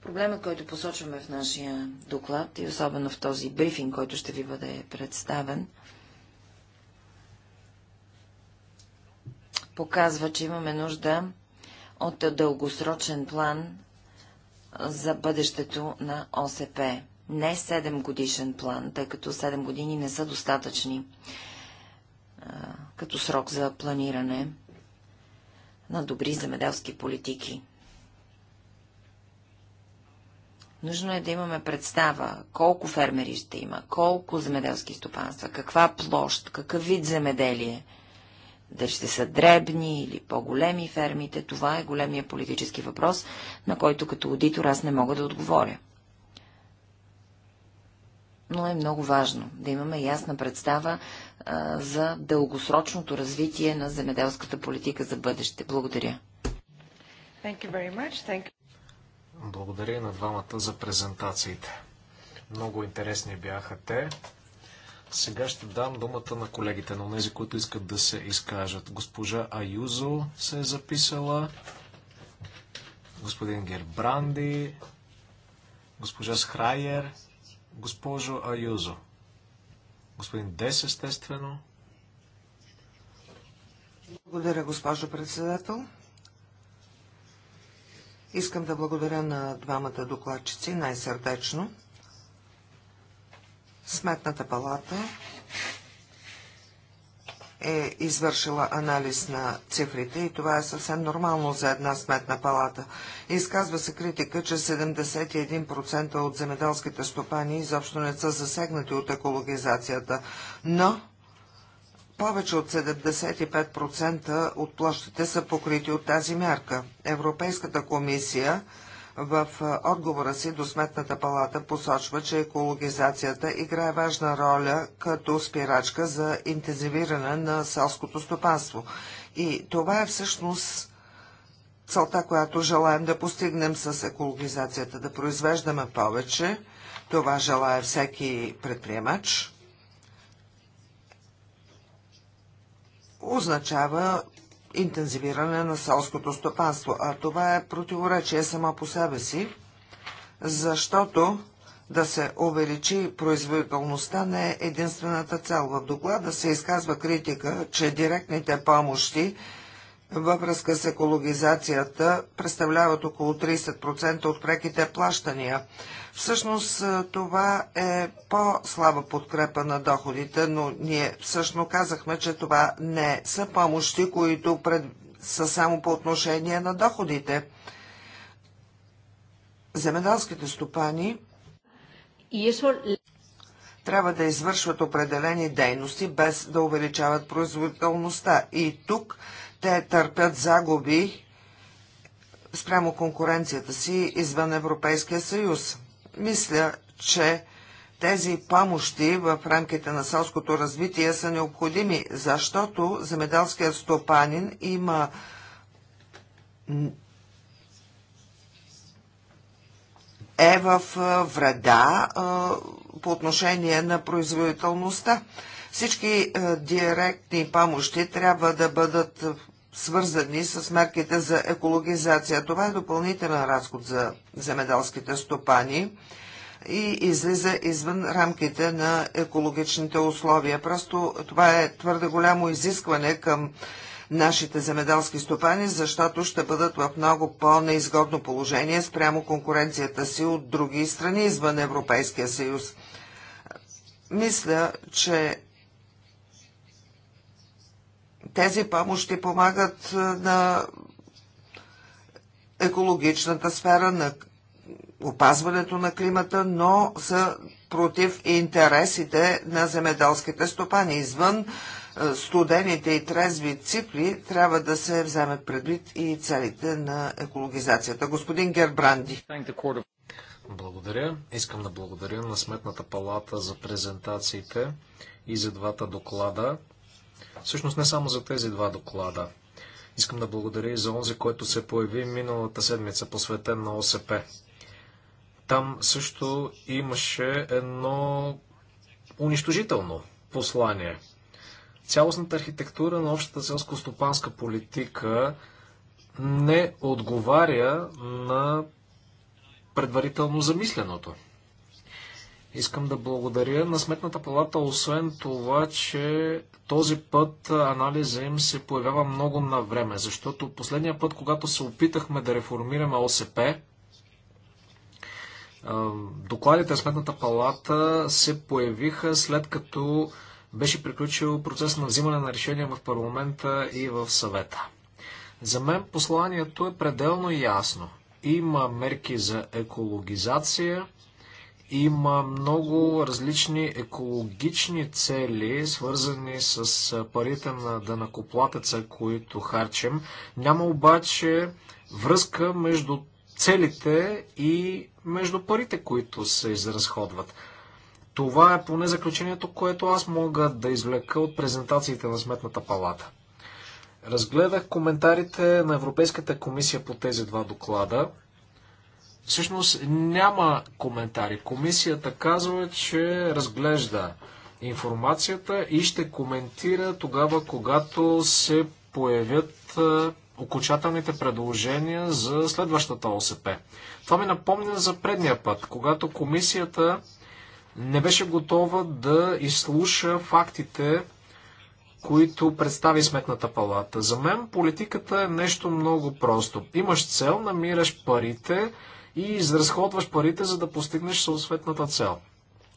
проблемът, който посочваме в нашия доклад и особено в този брифинг, който ще ви бъде представен, показва, че имаме нужда от дългосрочен план за бъдещето на ОСП. Не 7 годишен план, тъй като 7 години не са достатъчни като срок за планиране на добри земеделски политики. Нужно е да имаме представа колко фермери ще има, колко земеделски стопанства, каква площ, какъв вид земеделие – да ще са дребни или по-големи фермите, това е големия политически въпрос, на който като аудитор аз не мога да отговоря. Но е много важно да имаме ясна представа а, за дългосрочното развитие на земеделската политика за бъдеще. Благодаря. Thank you very much. Thank you. Благодаря на двамата за презентациите. Много интересни бяха те. Сега ще дам думата на колегите, на тези, които искат да се изкажат. Госпожа Аюзо се е записала, господин Гербранди, госпожа Схрайер, госпожо Аюзо, господин Дес, естествено. Благодаря, госпожо председател. Искам да благодаря на двамата докладчици най-сърдечно. Сметната палата е извършила анализ на цифрите и това е съвсем нормално за една сметна палата. Изказва се критика, че 71% от земеделските стопани изобщо не са засегнати от екологизацията, но повече от 75% от площите са покрити от тази мярка. Европейската комисия в отговора си до Сметната палата посочва, че екологизацията играе важна роля като спирачка за интензивиране на селското стопанство. И това е всъщност целта, която желаем да постигнем с екологизацията, да произвеждаме повече. Това желая всеки предприемач. Означава интензивиране на селското стопанство. А това е противоречие само по себе си, защото да се увеличи производителността не е единствената цел. В доклада се изказва критика, че директните помощи във връзка с екологизацията представляват около 30% от преките плащания. Всъщност това е по-слаба подкрепа на доходите, но ние всъщност казахме, че това не са помощи, които пред... са само по отношение на доходите. Земеделските стопани е трябва да извършват определени дейности, без да увеличават производителността. И тук те търпят загуби спрямо конкуренцията си извън Европейския съюз. Мисля, че тези помощи в рамките на селското развитие са необходими, защото земеделският стопанин има е в вреда по отношение на производителността. Всички директни помощи трябва да бъдат свързани с мерките за екологизация. Това е допълнителен разход за земеделските стопани и излиза извън рамките на екологичните условия. Просто това е твърде голямо изискване към нашите земеделски стопани, защото ще бъдат в много по-неизгодно положение спрямо конкуренцията си от други страни извън Европейския съюз. Мисля, че тези помощи помагат на екологичната сфера, на опазването на климата, но са против интересите на земеделските стопани. Извън студените и трезви цикли трябва да се вземе предвид и целите на екологизацията. Господин Гербранди. Благодаря. Искам да благодаря на Сметната палата за презентациите и за двата доклада. Всъщност не само за тези два доклада. Искам да благодаря и за онзи, който се появи миналата седмица, посветен на ОСП. Там също имаше едно унищожително послание. Цялостната архитектура на общата селско-стопанска политика не отговаря на предварително замисленото. Искам да благодаря на Сметната палата, освен това, че този път анализа им се появява много на време, защото последния път, когато се опитахме да реформираме ОСП, докладите на Сметната палата се появиха след като беше приключил процес на взимане на решения в парламента и в съвета. За мен посланието е пределно ясно. Има мерки за екологизация – има много различни екологични цели, свързани с парите на данакоплатеца, които харчим. Няма обаче връзка между целите и между парите, които се изразходват. Това е поне заключението, което аз мога да извлека от презентациите на Сметната палата. Разгледах коментарите на Европейската комисия по тези два доклада. Всъщност няма коментари. Комисията казва, че разглежда информацията и ще коментира тогава, когато се появят окончателните предложения за следващата ОСП. Това ми напомня за предния път, когато комисията не беше готова да изслуша фактите, които представи Сметната палата. За мен политиката е нещо много просто. Имаш цел, намираш парите, и изразходваш парите, за да постигнеш съответната цел.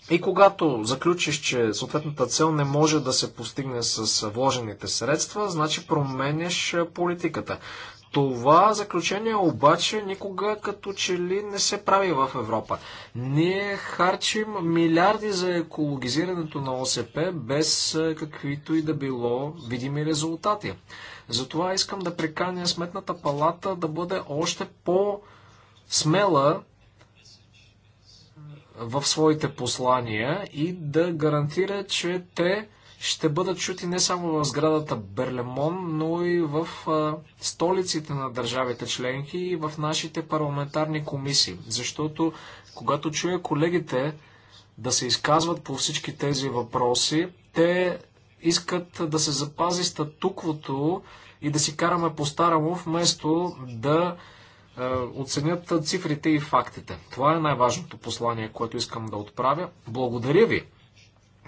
И когато заключиш, че съответната цел не може да се постигне с вложените средства, значи променяш политиката. Това заключение обаче никога като че ли не се прави в Европа. Ние харчим милиарди за екологизирането на ОСП без каквито и да било видими резултати. Затова искам да преканя, Сметната палата да бъде още по- смела в своите послания и да гарантира, че те ще бъдат чути не само в сградата Берлемон, но и в столиците на държавите членки и в нашите парламентарни комисии. Защото когато чуя колегите да се изказват по всички тези въпроси, те искат да се запази статуквото и да си караме по-старамо, вместо да е, оценят цифрите и фактите. Това е най-важното послание, което искам да отправя. Благодаря ви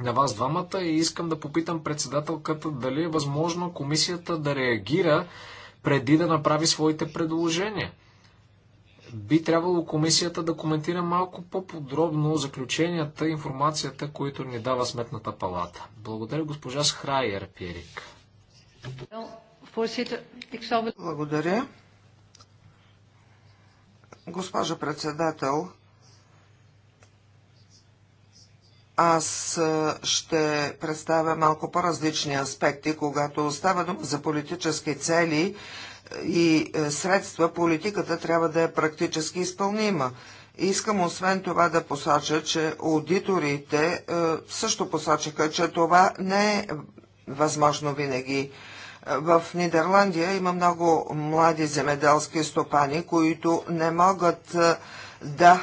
на вас двамата и искам да попитам председателката дали е възможно комисията да реагира преди да направи своите предложения. Би трябвало комисията да коментира малко по-подробно заключенията, информацията, които ни дава Сметната палата. Благодаря госпожа Схрайер Пирик. Благодаря. Госпожо председател, аз ще представя малко по-различни аспекти, когато става дума за политически цели и средства, политиката трябва да е практически изпълнима. Искам освен това да посоча, че аудиторите също посочиха, че това не е възможно винаги. В Нидерландия има много млади земеделски стопани, които не могат да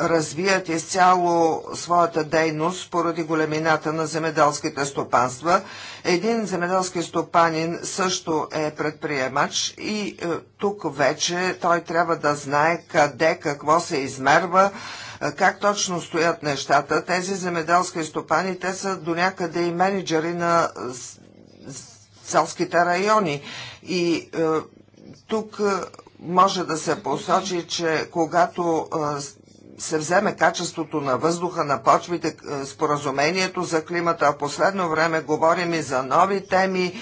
развият изцяло своята дейност поради големината на земеделските стопанства. Един земеделски стопанин също е предприемач и е, тук вече той трябва да знае къде, какво се измерва, е, как точно стоят нещата. Тези земеделски стопани, те са до някъде и менеджери на селските райони. И е, тук е, може да се посочи, че когато е, се вземе качеството на въздуха, на почвите, е, споразумението за климата, а последно време говорим и за нови теми,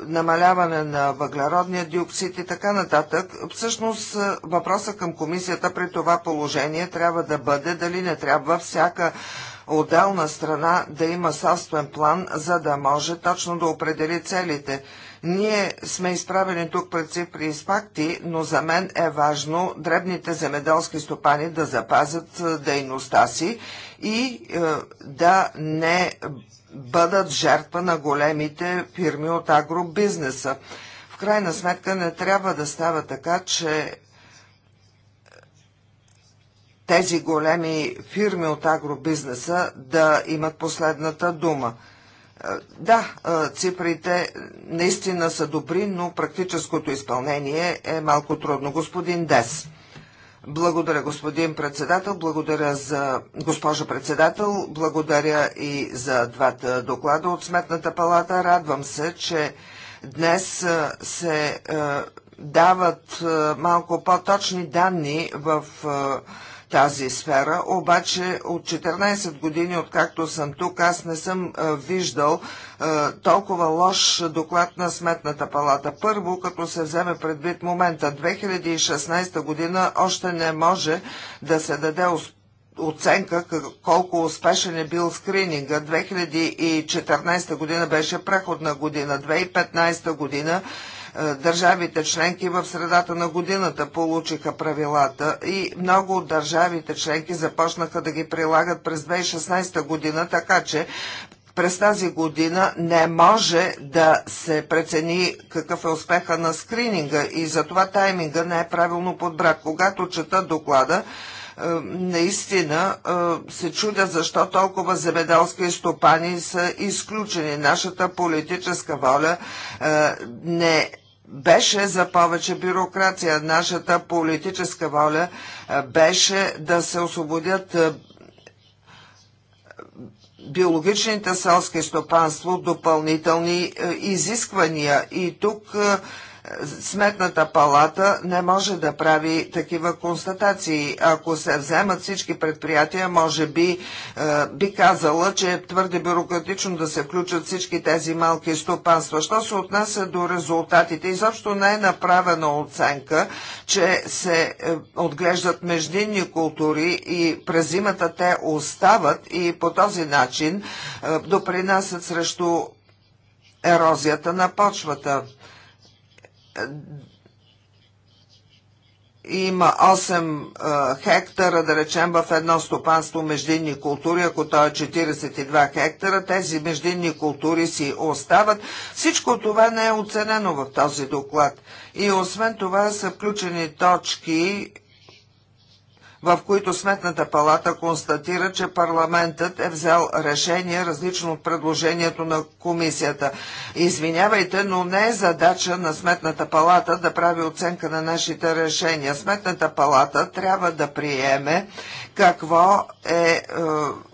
намаляване на въглеродния диоксид и така нататък. Всъщност въпроса към комисията при това положение трябва да бъде дали не трябва всяка отделна страна да има собствен план, за да може точно да определи целите. Ние сме изправени тук пред цифри и факти, но за мен е важно дребните земеделски стопани да запазят е, дейността си и е, да не бъдат жертва на големите фирми от агробизнеса. В крайна сметка не трябва да става така, че тези големи фирми от агробизнеса да имат последната дума. Е, да, е, цифрите наистина са добри, но практическото изпълнение е малко трудно. Господин Дес. Благодаря, господин председател. Благодаря за госпожа председател. Благодаря и за двата доклада от Сметната палата. Радвам се, че днес е, се дават малко по-точни данни в тази сфера, обаче от 14 години, откакто съм тук, аз не съм а, виждал а, толкова лош доклад на Сметната палата. Първо, като се вземе предвид момента, 2016 година още не може да се даде оценка колко успешен е бил скрининга. 2014 година беше преходна година, 2015 година е, държавите членки в средата на годината получиха правилата и много от държавите членки започнаха да ги прилагат през 2016 година, така че през тази година не може да се прецени какъв е успеха на скрининга и затова тайминга не е правилно подбрат. Когато чета доклада, е, наистина е, се чудя защо толкова земеделски стопани са изключени. Нашата политическа воля не е беше за повече бюрокрация. Нашата политическа воля е, беше да се освободят е, биологичните селски стопанства допълнителни е, изисквания. И тук Сметната палата не може да прави такива констатации. Ако се вземат всички предприятия, може би е, би казала, че е твърде бюрократично да се включат всички тези малки стопанства. Що се отнася до резултатите, изобщо не е направена оценка, че се е, отглеждат междинни култури и през зимата те остават и по този начин е, допринасят срещу ерозията на почвата има 8 хектара, да речем, в едно стопанство междинни култури, ако то е 42 хектара, тези междинни култури си остават. Всичко това не е оценено в този доклад. И освен това са включени точки в които Сметната палата констатира, че парламентът е взел решение различно от предложението на комисията. Извинявайте, но не е задача на Сметната палата да прави оценка на нашите решения. Сметната палата трябва да приеме какво е, е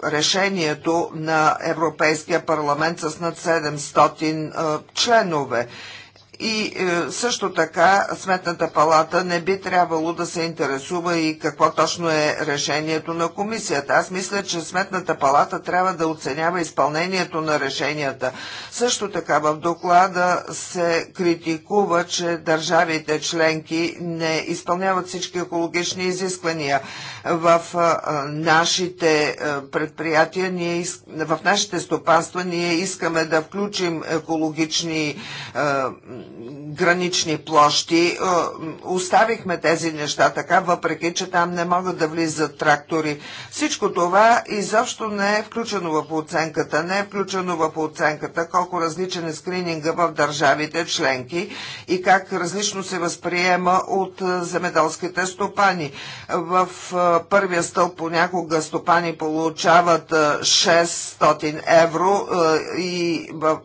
решението на Европейския парламент с над 700 е, членове. И е, също така Сметната палата не би трябвало да се интересува и какво точно е решението на комисията. Аз мисля, че Сметната палата трябва да оценява изпълнението на решенията. Също така в доклада се критикува, че държавите членки не изпълняват всички екологични изисквания. В е, нашите е, предприятия, ние, в нашите стопанства ние искаме да включим екологични гранични площи. Е, оставихме тези неща така, въпреки че там не могат да влизат трактори. Всичко това изобщо не е включено в оценката. Не е включено в оценката колко различен е скрининга в държавите членки и как различно се възприема от е, земеделските стопани. В е, първия стълб понякога стопани получават 600 евро и в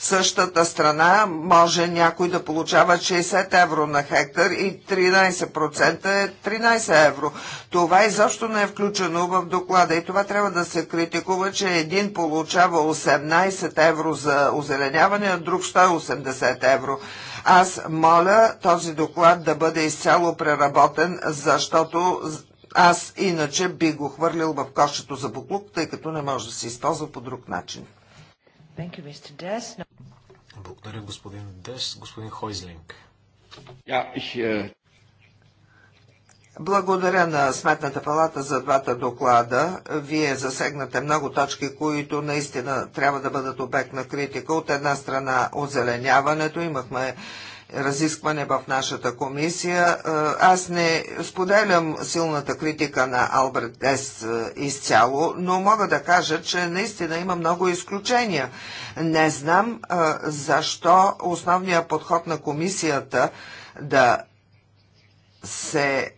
същата страна може някой да получава 60 евро на хектар и 13% е 13 евро. Това изобщо не е включено в доклада и това трябва да се критикува, че един получава 18 евро за озеленяване, а друг 180 евро. Аз моля този доклад да бъде изцяло преработен, защото аз иначе би го хвърлил в кошето за буклук, тъй като не може да се използва по друг начин. You, Благодаря, господин Дес. Господин Хойзлинг. Yeah, е, Благодаря на Сметната палата за двата доклада. Вие засегнате много точки, които наистина трябва да бъдат обект на критика. От една страна озеленяването. Имахме разискване в нашата комисия. Е, аз не споделям силната критика на Алберт Ес е, изцяло, но мога да кажа, че наистина има много изключения. Не знам е, защо основният подход на комисията да се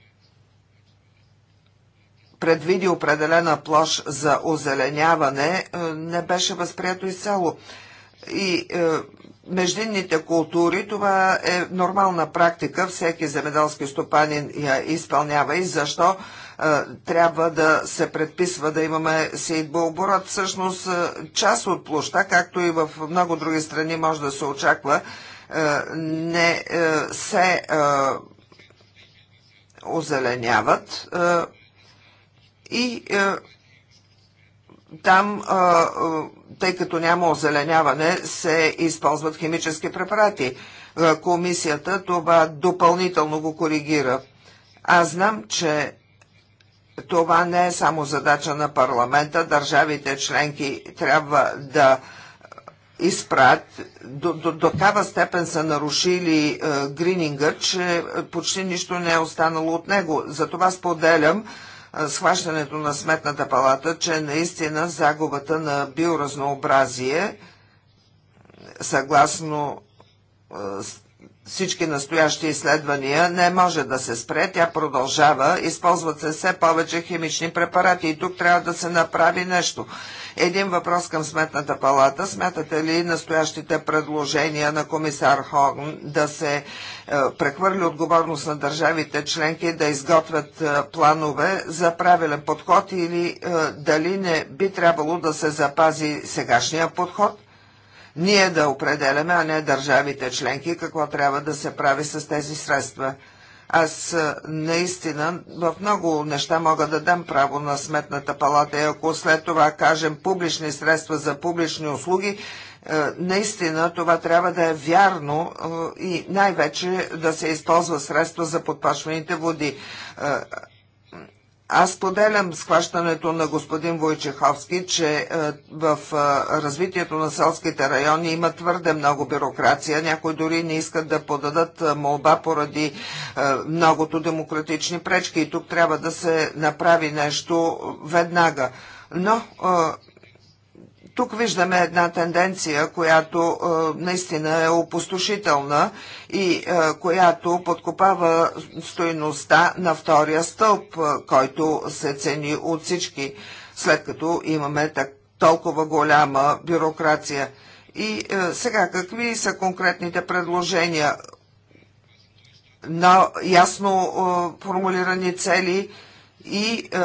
предвиди определена площ за озеленяване, не беше възприето изцяло. И междинните култури, това е нормална практика, всеки земеделски стопанин я изпълнява и защо е, трябва да се предписва да имаме оборот, Всъщност е, част от площа, както и в много други страни може да се очаква, е, не се озеленяват и там, тъй като няма озеленяване, се използват химически препарати. Комисията това допълнително го коригира. Аз знам, че това не е само задача на парламента. Държавите членки трябва да изпрат. До, до, до такава степен са нарушили е, грининга, че почти нищо не е останало от него. Затова споделям схващането на Сметната палата, че наистина загубата на биоразнообразие, съгласно всички настоящи изследвания не може да се спре, тя продължава, използват се все повече химични препарати и тук трябва да се направи нещо. Един въпрос към Сметната палата. Смятате ли настоящите предложения на комисар Хогн да се е, прехвърли отговорност на държавите членки да изготвят е, планове за правилен подход или е, дали не би трябвало да се запази сегашния подход? ние да определяме, а не държавите членки, какво трябва да се прави с тези средства. Аз наистина в много неща мога да дам право на сметната палата и ако след това кажем публични средства за публични услуги, наистина това трябва да е вярно и най-вече да се използва средства за подпашваните води. Аз поделям схващането на господин Войчеховски, че е, в е, развитието на селските райони има твърде много бюрокрация. Някой дори не искат да подадат е, молба поради многото демократични пречки и тук трябва да се направи нещо веднага. Но тук виждаме една тенденция, която е, наистина е опустошителна и е, която подкопава стоеността на втория стълб, е, който се цени от всички, след като имаме так, толкова голяма бюрокрация. И е, сега, какви са конкретните предложения на ясно е, формулирани цели и е,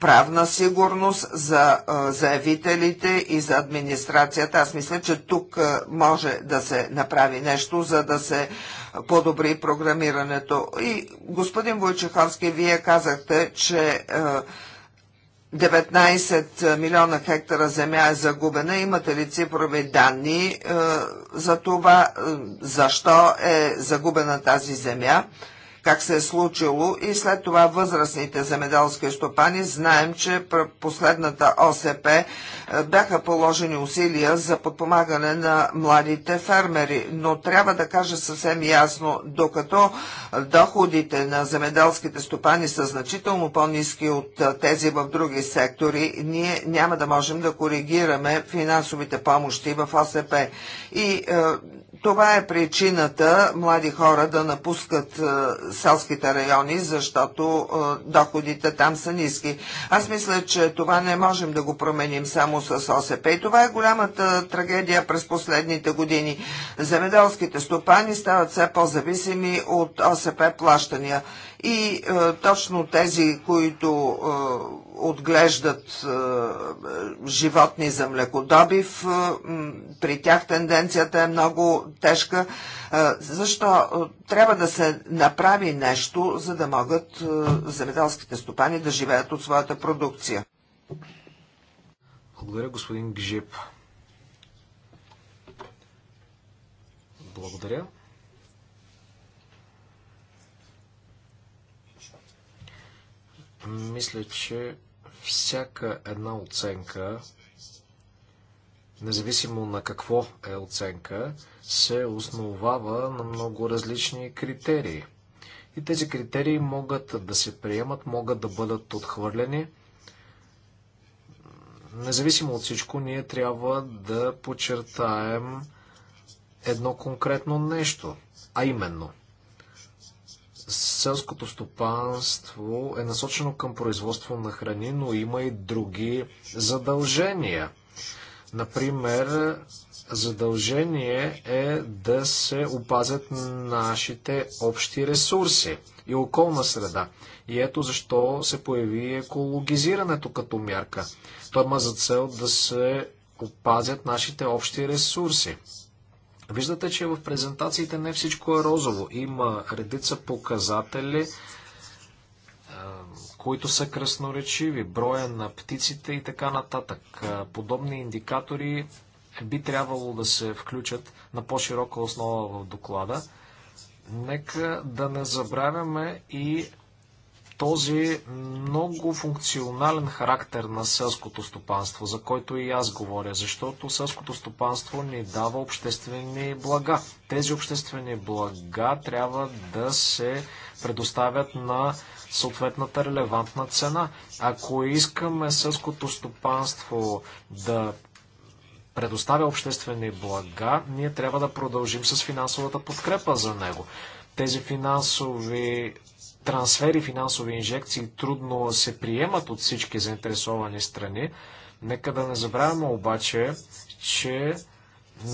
правна сигурност за заявителите и за администрацията. Аз мисля, че тук може да се направи нещо, за да се подобри програмирането. И господин Войчеховски, вие казахте, че 19 милиона хектара земя е загубена. Имате ли цифрови данни за това, защо е загубена тази земя? как се е случило и след това възрастните земеделски стопани. Знаем, че последната ОСП е, бяха положени усилия за подпомагане на младите фермери, но трябва да кажа съвсем ясно, докато е, доходите на земеделските стопани са значително по-низки от е, тези в други сектори, ние няма да можем да коригираме финансовите помощи в ОСП. И е, това е причината млади хора да напускат селските райони, защото е, доходите там са ниски. Аз мисля, че това не можем да го променим само с ОСП. И това е голямата трагедия през последните години. Земеделските стопани стават все по-зависими от ОСП плащания. И е, точно тези, които е, отглеждат е, животни за млекодобив, е, при тях тенденцията е много тежка. Защо трябва да се направи нещо, за да могат земеделските стопани да живеят от своята продукция? Благодаря, господин Гжип. Благодаря. Мисля, че всяка една оценка, независимо на какво е оценка, се основава на много различни критерии. И тези критерии могат да се приемат, могат да бъдат отхвърлени. Независимо от всичко, ние трябва да подчертаем едно конкретно нещо, а именно селското стопанство е насочено към производство на храни, но има и други задължения. Например, задължение е да се опазят нашите общи ресурси и околна среда. И ето защо се появи екологизирането като мярка. Той има за цел да се опазят нашите общи ресурси. Виждате, че в презентациите не всичко е розово. Има редица показатели, които са кръсноречиви, броя на птиците и така нататък. Подобни индикатори би трябвало да се включат на по-широка основа в доклада. Нека да не забравяме и този много функционален характер на селското стопанство, за който и аз говоря, защото селското стопанство ни дава обществени блага. Тези обществени блага трябва да се предоставят на съответната релевантна цена. Ако искаме селското стопанство да предоставя обществени блага, ние трябва да продължим с финансовата подкрепа за него. Тези финансови трансфери, финансови инжекции трудно се приемат от всички заинтересовани страни. Нека да не забравяме обаче, че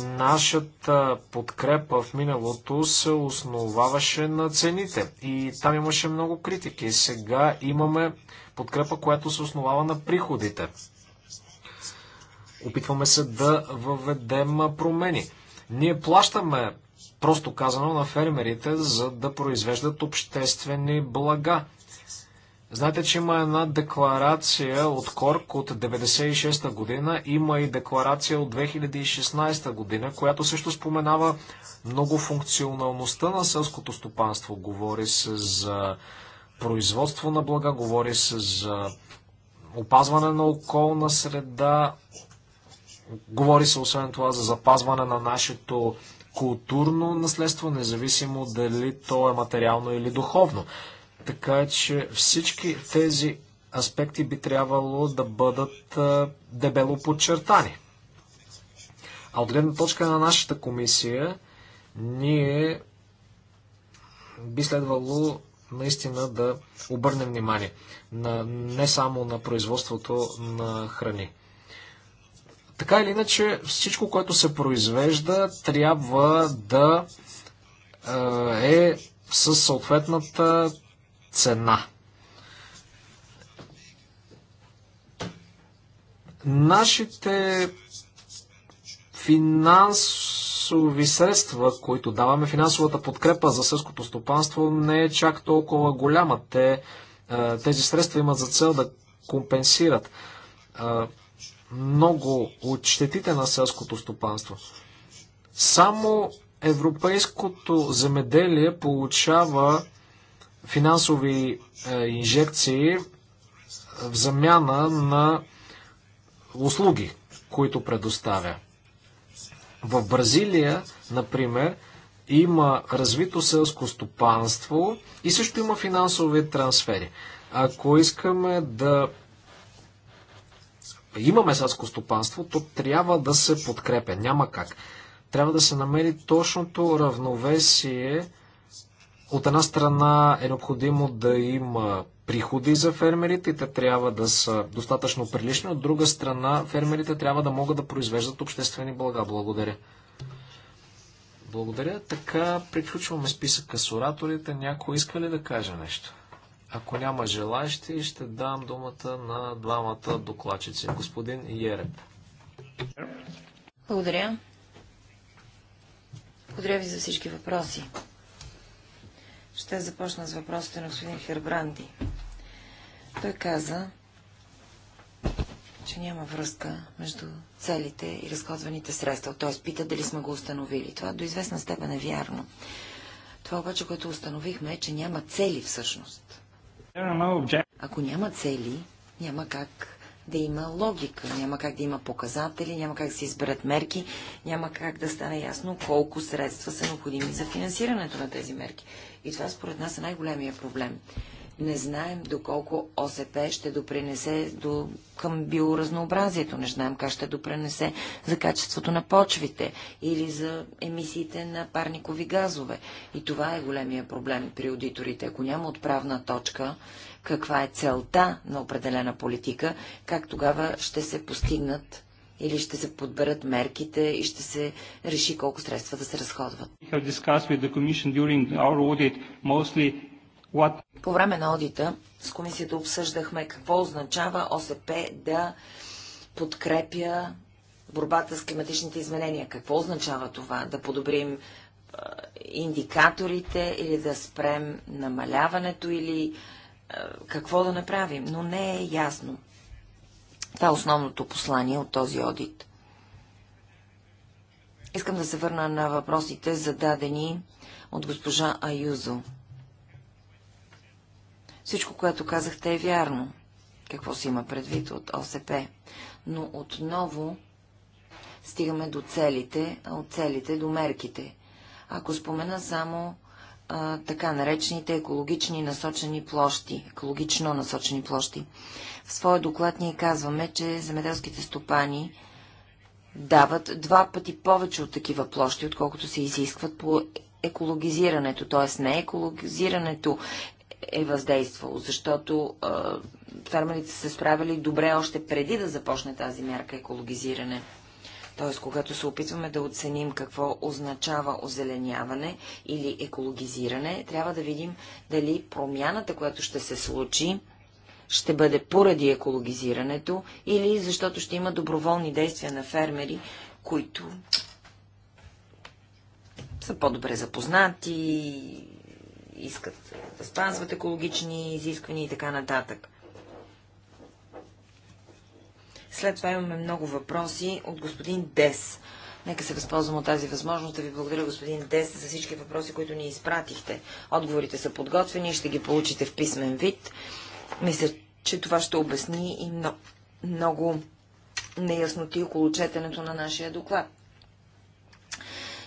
нашата подкрепа в миналото се основаваше на цените и там имаше много критики. Сега имаме подкрепа, която се основава на приходите. Опитваме се да въведем промени. Ние плащаме, просто казано, на фермерите, за да произвеждат обществени блага. Знаете, че има една декларация от Корк от 1996 година, има и декларация от 2016 година, която също споменава много функционалността на селското стопанство. Говори се за производство на блага, говори се за опазване на околна среда, Говори се освен това за запазване на нашето културно наследство, независимо дали то е материално или духовно. Така че всички тези аспекти би трябвало да бъдат дебело подчертани. А от гледна точка на нашата комисия, ние би следвало наистина да обърнем внимание на, не само на производството на храни. Така или иначе, всичко, което се произвежда, трябва да е, е със съответната цена. Нашите финансови средства, които даваме, финансовата подкрепа за сърското стопанство не е чак толкова голяма. Те, е, тези средства имат за цел да компенсират е, много от щетите на селското стопанство. Само европейското земеделие получава финансови е, инжекции е, в замяна на услуги, които предоставя. В Бразилия, например, има развито селско стопанство и също има финансови трансфери. Ако искаме да имаме селско стопанство, то трябва да се подкрепя. Няма как. Трябва да се намери точното равновесие. От една страна е необходимо да има приходи за фермерите и те трябва да са достатъчно прилични. От друга страна, фермерите трябва да могат да произвеждат обществени блага. Благодаря. Благодаря. Така приключваме списъка с ораторите. Някой иска ли да каже нещо? Ако няма желащи, ще дам думата на двамата докладчици. Господин Ереп. Благодаря. Благодаря ви за всички въпроси. Ще започна с въпросите на господин Хербранди. Той каза, че няма връзка между целите и разходваните средства. Т.е. пита дали сме го установили. Това до известна степен е вярно. Това обаче, което установихме е, че няма цели всъщност. Ако няма цели, няма как да има логика, няма как да има показатели, няма как да се изберат мерки, няма как да стане ясно колко средства са необходими за финансирането на тези мерки. И това според нас е най-големия проблем. Не знаем доколко ОСП ще допринесе до, към биоразнообразието, не знаем как ще допринесе за качеството на почвите или за емисиите на парникови газове. И това е големия проблем при аудиторите. Ако няма отправна точка, каква е целта на определена политика, как тогава ще се постигнат или ще се подберат мерките и ще се реши колко средства да се разходват. What? По време на одита с комисията обсъждахме какво означава ОСП да подкрепя борбата с климатичните изменения. Какво означава това? Да подобрим индикаторите или да спрем намаляването или какво да направим, но не е ясно. Това е основното послание от този одит. Искам да се върна на въпросите, зададени от госпожа Аюзо. Всичко, което казахте е вярно. Какво се има предвид от ОСП? Но отново стигаме до целите, а от целите до мерките. Ако спомена само а, така наречените екологични насочени площи, екологично насочени площи. В своя доклад ние казваме, че земеделските стопани дават два пъти повече от такива площи, отколкото се изискват по екологизирането, т.е. не екологизирането е въздействало, защото а, фермерите се справили добре още преди да започне тази мярка екологизиране. Т.е. когато се опитваме да оценим какво означава озеленяване или екологизиране, трябва да видим дали промяната, която ще се случи, ще бъде поради екологизирането или защото ще има доброволни действия на фермери, които са по-добре запознати, искат да спазват екологични изисквания и така нататък. След това имаме много въпроси от господин Дес. Нека се възползвам от тази възможност да ви благодаря, господин Дес, за всички въпроси, които ни изпратихте. Отговорите са подготвени, ще ги получите в писмен вид. Мисля, че това ще обясни и много, много неясноти около четенето на нашия доклад.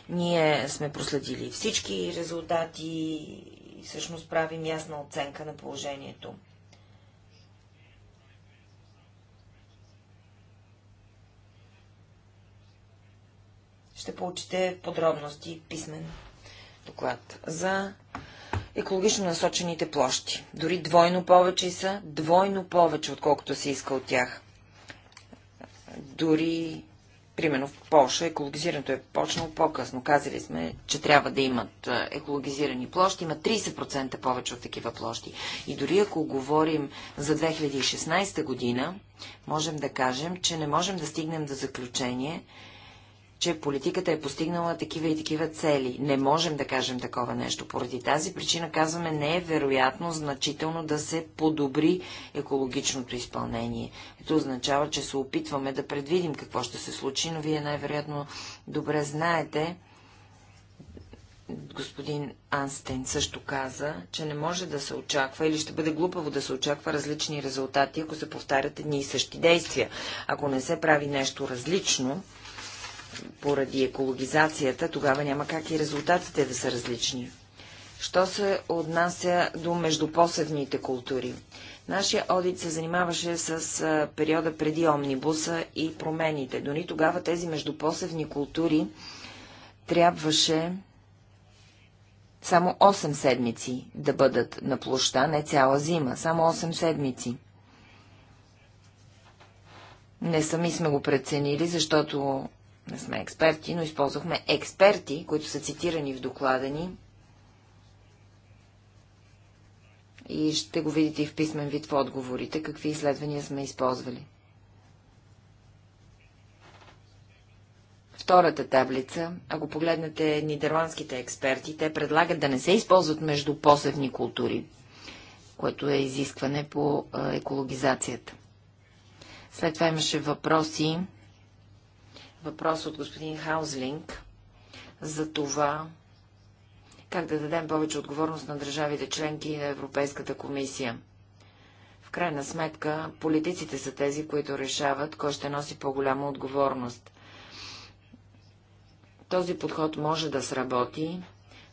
Ние сме проследили всички резултати всъщност правим ясна оценка на положението. Ще получите подробности писмен доклад за екологично насочените площи. Дори двойно повече са, двойно повече, отколкото се иска от тях. Дори Примерно в Польша екологизирането е почнало по-късно. Казали сме, че трябва да имат е, екологизирани площи. Има 30% повече от такива площи. И дори ако говорим за 2016 година, можем да кажем, че не можем да стигнем до заключение, че политиката е постигнала такива и такива цели. Не можем да кажем такова нещо. Поради тази причина казваме, не е вероятно значително да се подобри екологичното изпълнение. Ето означава, че се опитваме да предвидим какво ще се случи, но вие най-вероятно добре знаете, господин Анстен също каза, че не може да се очаква или ще бъде глупаво да се очаква различни резултати, ако се повтарят едни и същи действия. Ако не се прави нещо различно, поради екологизацията, тогава няма как и резултатите да са различни. Що се отнася до междупосевните култури? Нашия одит се занимаваше с периода преди омнибуса и промените. Дори тогава тези междупосевни култури трябваше само 8 седмици да бъдат на площа, не цяла зима, само 8 седмици. Не сами сме го преценили, защото не сме експерти, но използвахме експерти, които са цитирани в доклада ни. И ще го видите и в писмен вид в отговорите, какви изследвания сме използвали. втората таблица, ако погледнете нидерландските експерти, те предлагат да не се използват между посевни култури, което е изискване по е, екологизацията. След това имаше въпроси въпрос от господин Хаузлинг за това, как да дадем повече отговорност на държавите членки и на Европейската комисия. В крайна сметка, политиците са тези, които решават кой ще носи по-голяма отговорност. Този подход може да сработи,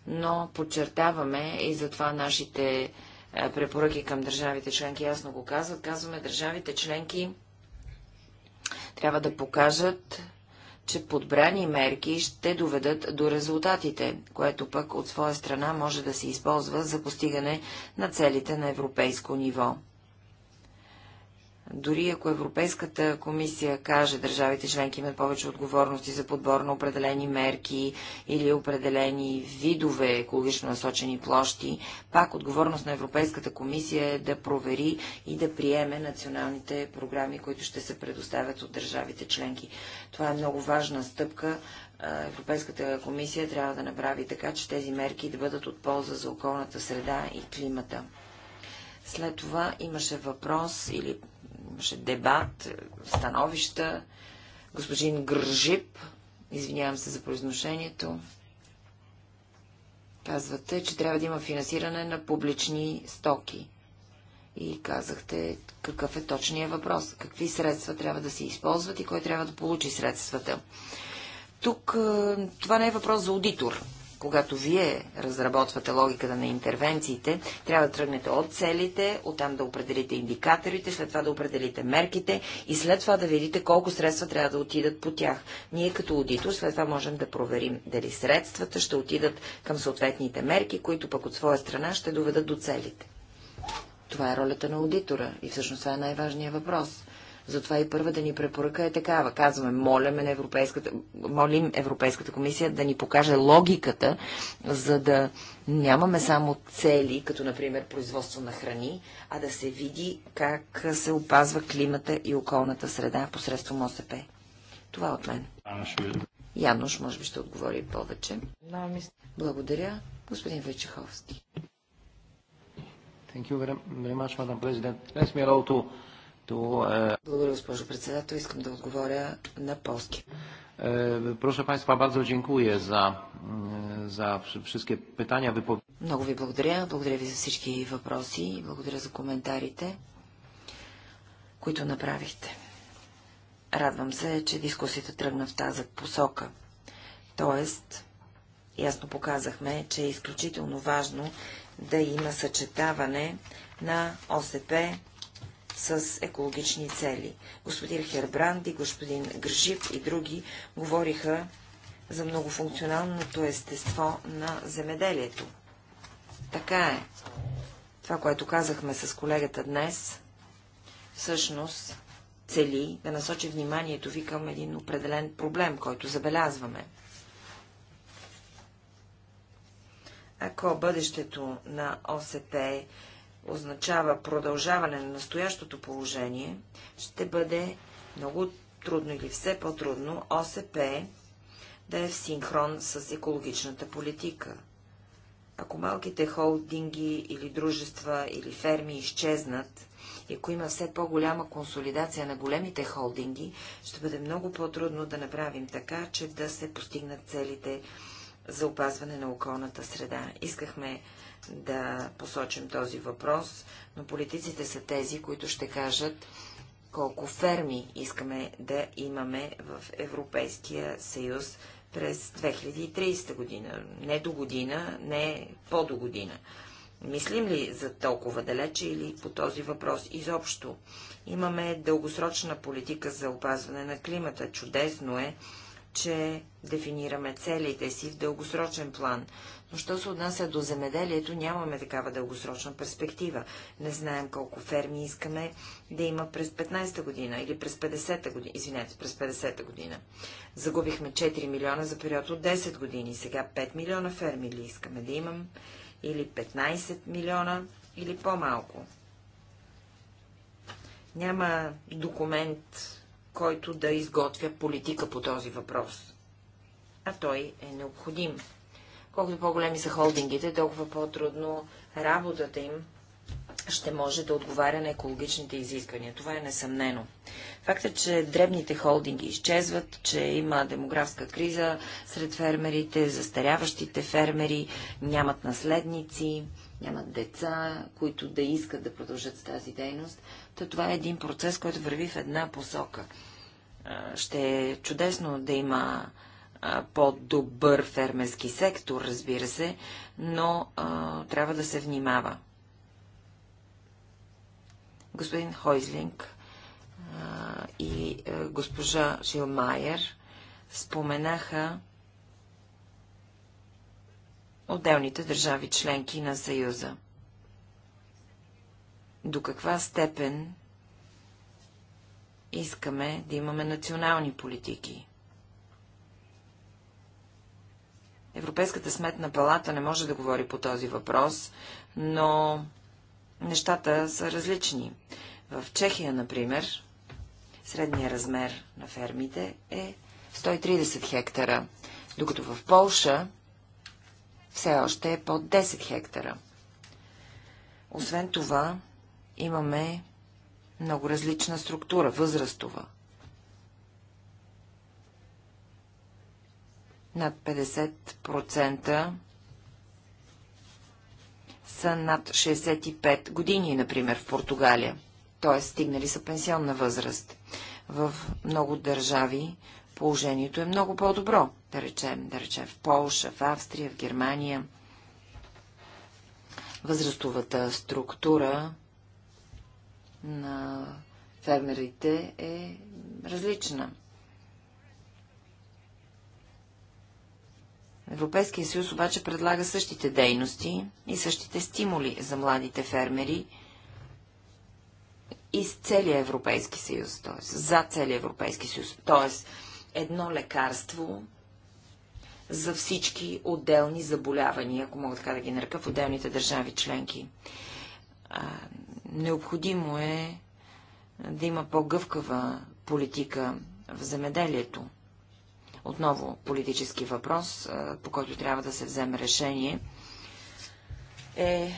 но подчертаваме и затова нашите е, препоръки към държавите членки ясно го казват. Казваме, държавите членки трябва да покажат, че подбрани мерки ще доведат до резултатите, което пък от своя страна може да се използва за постигане на целите на европейско ниво. Дори ако Европейската комисия каже, държавите членки имат повече отговорности за подбор на определени мерки или определени видове екологично насочени площи, пак отговорност на Европейската комисия е да провери и да приеме националните програми, които ще се предоставят от държавите членки. Това е много важна стъпка. Европейската комисия трябва да направи така, че тези мерки да бъдат от полза за околната среда и климата. След това имаше въпрос или имаше дебат, е, становища. Господин Гржип, извинявам се за произношението, казвате, че трябва да има финансиране на публични стоки. И казахте какъв е точният въпрос, какви средства трябва да се използват и кой трябва да получи средствата. Тук е, това не е въпрос за аудитор когато вие разработвате логиката на интервенциите, трябва да тръгнете от целите, оттам да определите индикаторите, след това да определите мерките и след това да видите колко средства трябва да отидат по тях. Ние като аудитор след това можем да проверим дали средствата ще отидат към съответните мерки, които пък от своя страна ще доведат до целите. Това е ролята на аудитора и всъщност това е най-важният въпрос. Затова и първа да ни препоръка е такава. Казваме, молим Европейската, молим Европейската комисия да ни покаже логиката, за да нямаме само цели, като например производство на храни, а да се види как се опазва климата и околната среда посредством ОСП. Това е от мен. Януш, може би ще отговори повече. Благодаря. Господин Вечеховски. Thank you very much, Madam President. Let me allow to е... Благодаря, госпожо председател. Искам да отговоря на полски. Proszę е, Państwa, bardzo dziękuję za, za wszystkie pytania. Много ви благодаря. Благодаря ви за всички въпроси и благодаря за коментарите, които направихте. Радвам се, че дискусията тръгна в тази посока. Тоест, ясно показахме, че е изключително важно да има съчетаване на ОСП с екологични цели. Господин Хербранди, господин Гржип и други говориха за многофункционалното естество на земеделието. Така е. Това, което казахме с колегата днес, всъщност цели да насочи вниманието ви към един определен проблем, който забелязваме. Ако бъдещето на ОСП означава продължаване на настоящото положение, ще бъде много трудно или все по-трудно ОСП да е в синхрон с екологичната политика. Ако малките холдинги или дружества или ферми изчезнат, и ако има все по-голяма консолидация на големите холдинги, ще бъде много по-трудно да направим така, че да се постигнат целите за опазване на околната среда. Искахме да посочим този въпрос, но политиците са тези, които ще кажат колко ферми искаме да имаме в Европейския съюз през 2030 година. Не до година, не по до година. Мислим ли за толкова далече или по този въпрос изобщо? Имаме дългосрочна политика за опазване на климата. Чудесно е, че дефинираме целите си в дългосрочен план, но що се отнася до земеделието, нямаме такава дългосрочна перспектива. Не знаем колко ферми искаме да има през 15-та година или през 50-та година. Извинете, през 50-та година. Загубихме 4 милиона за период от 10 години. Сега 5 милиона ферми ли искаме да имам? Или 15 милиона, или по-малко. Няма документ, който да изготвя политика по този въпрос. А той е необходим. Колкото по-големи са холдингите, толкова по-трудно работата им ще може да отговаря на екологичните изисквания. Това е несъмнено. Факта, е, че дребните холдинги изчезват, че има демографска криза сред фермерите, застаряващите фермери нямат наследници, нямат деца, които да искат да продължат с тази дейност, то това е един процес, който върви в една посока. Ще е чудесно да има по-добър фермерски сектор, разбира се, но а, трябва да се внимава. Господин Хойзлинг а, и а, госпожа Шилмайер споменаха отделните държави членки на Съюза. До каква степен искаме да имаме национални политики? Европейската сметна палата не може да говори по този въпрос, но нещата са различни. В Чехия, например, средния размер на фермите е 130 хектара, докато в Полша все още е под 10 хектара. Освен това, имаме много различна структура, възрастова. Над 50% са над 65 години, например, в Португалия. Т.е. стигнали са пенсионна възраст. В много държави положението е много по-добро. Да речем, да речем в Полша, в Австрия, в Германия. Възрастовата структура на фермерите е различна. Европейския съюз обаче предлага същите дейности и същите стимули за младите фермери из целия Европейски съюз, т.е. за целия Европейски съюз, т.е. едно лекарство за всички отделни заболявания, ако мога така да ги нарека, в отделните държави членки. необходимо е да има по-гъвкава политика в земеделието. Отново политически въпрос, по който трябва да се вземе решение, е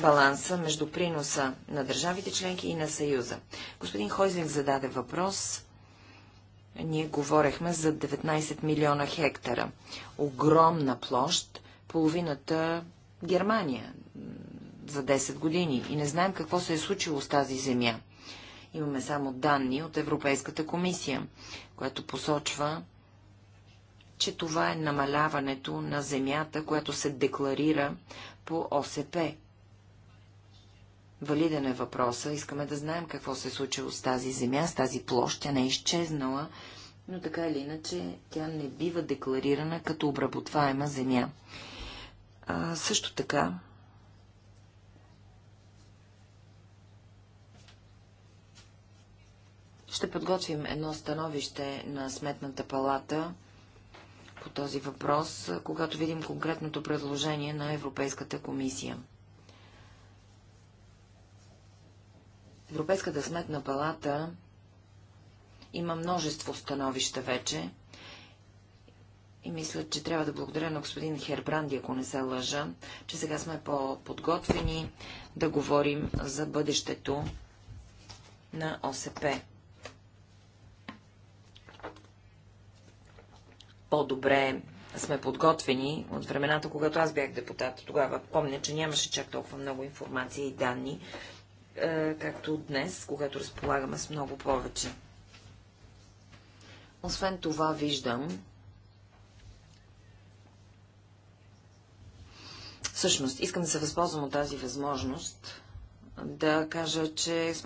баланса между приноса на държавите членки и на Съюза. Господин Хойзинг зададе въпрос. Ние говорехме за 19 милиона хектара. Огромна площ, половината Германия за 10 години и не знаем какво се е случило с тази земя. Имаме само данни от Европейската комисия, което посочва, че това е намаляването на земята, което се декларира по ОСП. Валиден е въпроса. Искаме да знаем какво се е случило с тази земя, с тази площ. Тя не е изчезнала, но така или иначе тя не бива декларирана като обработваема земя. А, също така Ще подготвим едно становище на Сметната палата по този въпрос, когато видим конкретното предложение на Европейската комисия. Европейската сметна палата има множество становища вече и мисля, че трябва да благодаря на господин Хербранди, ако не се лъжа, че сега сме по-подготвени да говорим за бъдещето на ОСП. по-добре сме подготвени от времената, когато аз бях депутат. Тогава помня, че нямаше чак толкова много информация и данни, е, както днес, когато разполагаме с много повече. Освен това виждам, всъщност искам да се възползвам от тази възможност да кажа, че сме